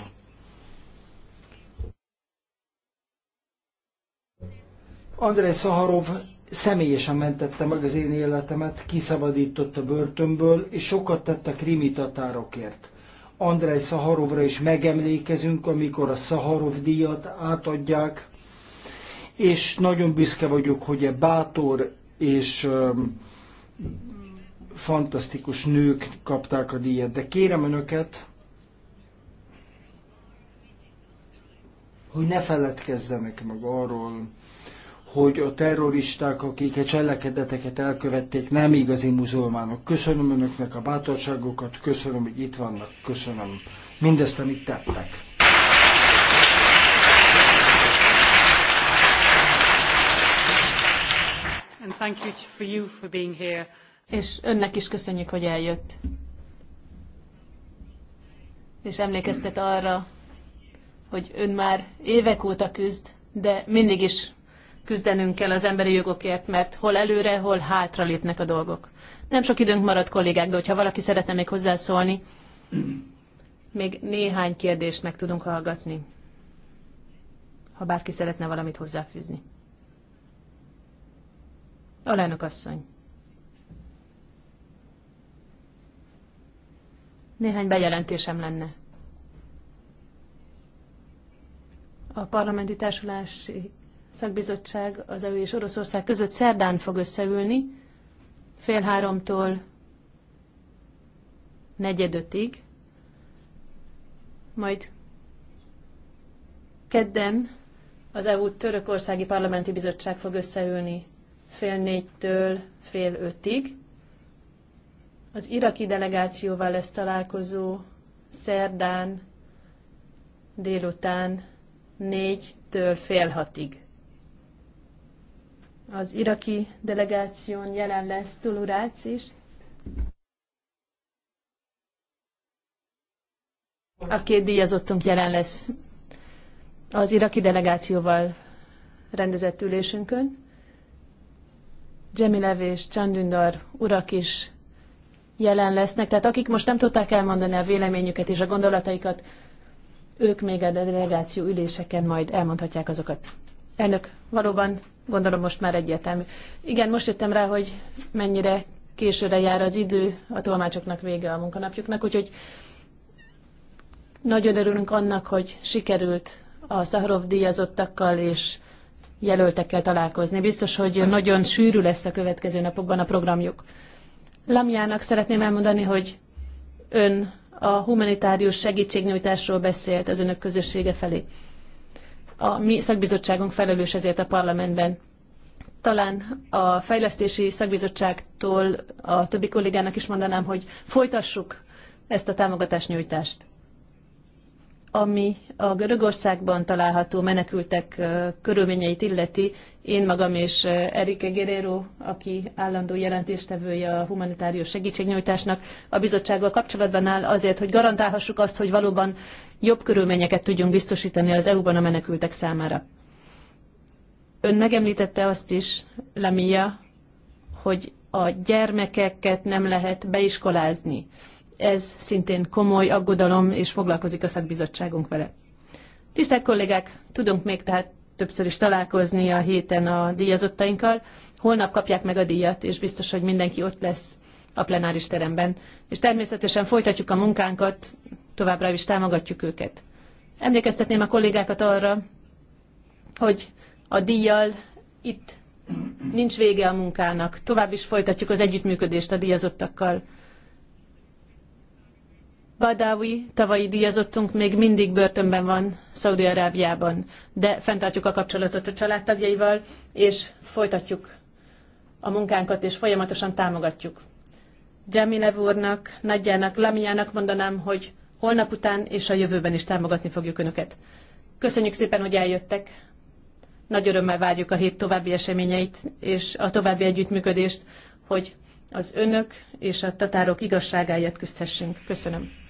Andrei Szaharov személyesen mentette meg az én életemet, kiszabadított a börtönből, és sokat tett a krimi tatárokért. Andrei Szaharovra is megemlékezünk, amikor a Szaharov díjat átadják, és nagyon büszke vagyok, hogy a bátor és um, fantasztikus nők kapták a díjat. De kérem önöket, hogy ne feledkezzenek meg arról, hogy a terroristák, akik a cselekedeteket elkövették, nem igazi muzulmánok. Köszönöm önöknek a bátorságokat, köszönöm, hogy itt vannak, köszönöm mindezt, amit tettek. And thank you for you for being here. És önnek is köszönjük, hogy eljött. És emlékeztet arra, hogy ön már évek óta küzd, de mindig is küzdenünk kell az emberi jogokért, mert hol előre, hol hátra lépnek a dolgok. Nem sok időnk maradt kollégák, de hogyha valaki szeretne még hozzászólni, még néhány kérdést meg tudunk hallgatni, ha bárki szeretne valamit hozzáfűzni. Alelnök asszony. Néhány bejelentésem lenne. A parlamenti társulási szakbizottság az EU és Oroszország között szerdán fog összeülni, fél háromtól negyedötig, majd kedden az EU törökországi parlamenti bizottság fog összeülni fél négytől fél ötig. Az iraki delegációval lesz találkozó szerdán délután négytől fél hatig. Az iraki delegáción jelen lesz Tulurác is. A két díjazottunk jelen lesz az iraki delegációval rendezett ülésünkön. Jemilev és Csandündar urak is jelen lesznek, tehát akik most nem tudták elmondani a véleményüket és a gondolataikat, ők még a delegáció üléseken majd elmondhatják azokat. Elnök, valóban Gondolom most már egyetem. Igen, most jöttem rá, hogy mennyire későre jár az idő, a tolmácsoknak vége a munkanapjuknak, úgyhogy nagyon örülünk annak, hogy sikerült a Szaharov díjazottakkal és jelöltekkel találkozni. Biztos, hogy nagyon sűrű lesz a következő napokban a programjuk. Lamjának szeretném elmondani, hogy ön a humanitárius segítségnyújtásról beszélt az önök közössége felé. A mi szakbizottságunk felelős ezért a parlamentben. Talán a fejlesztési szakbizottságtól a többi kollégának is mondanám, hogy folytassuk ezt a támogatásnyújtást ami a Görögországban található menekültek körülményeit illeti, én magam és Erike Guerrero, aki állandó jelentéstevője a humanitárius segítségnyújtásnak, a bizottsággal kapcsolatban áll azért, hogy garantálhassuk azt, hogy valóban jobb körülményeket tudjunk biztosítani az EU-ban a menekültek számára. Ön megemlítette azt is, Lamia, hogy a gyermekeket nem lehet beiskolázni ez szintén komoly aggodalom, és foglalkozik a szakbizottságunk vele. Tisztelt kollégák, tudunk még tehát többször is találkozni a héten a díjazottainkkal. Holnap kapják meg a díjat, és biztos, hogy mindenki ott lesz a plenáris teremben. És természetesen folytatjuk a munkánkat, továbbra is támogatjuk őket. Emlékeztetném a kollégákat arra, hogy a díjjal itt nincs vége a munkának. Tovább is folytatjuk az együttműködést a díjazottakkal. Badawi, tavalyi díjazottunk, még mindig börtönben van Szaudi-Arábiában, de fenntartjuk a kapcsolatot a családtagjaival, és folytatjuk a munkánkat, és folyamatosan támogatjuk. Jamilev úrnak, Nagyjának, Lamiának mondanám, hogy holnap után és a jövőben is támogatni fogjuk Önöket. Köszönjük szépen, hogy eljöttek. Nagy örömmel várjuk a hét további eseményeit és a további együttműködést, hogy az önök és a tatárok igazságáért küzdhessünk. Köszönöm.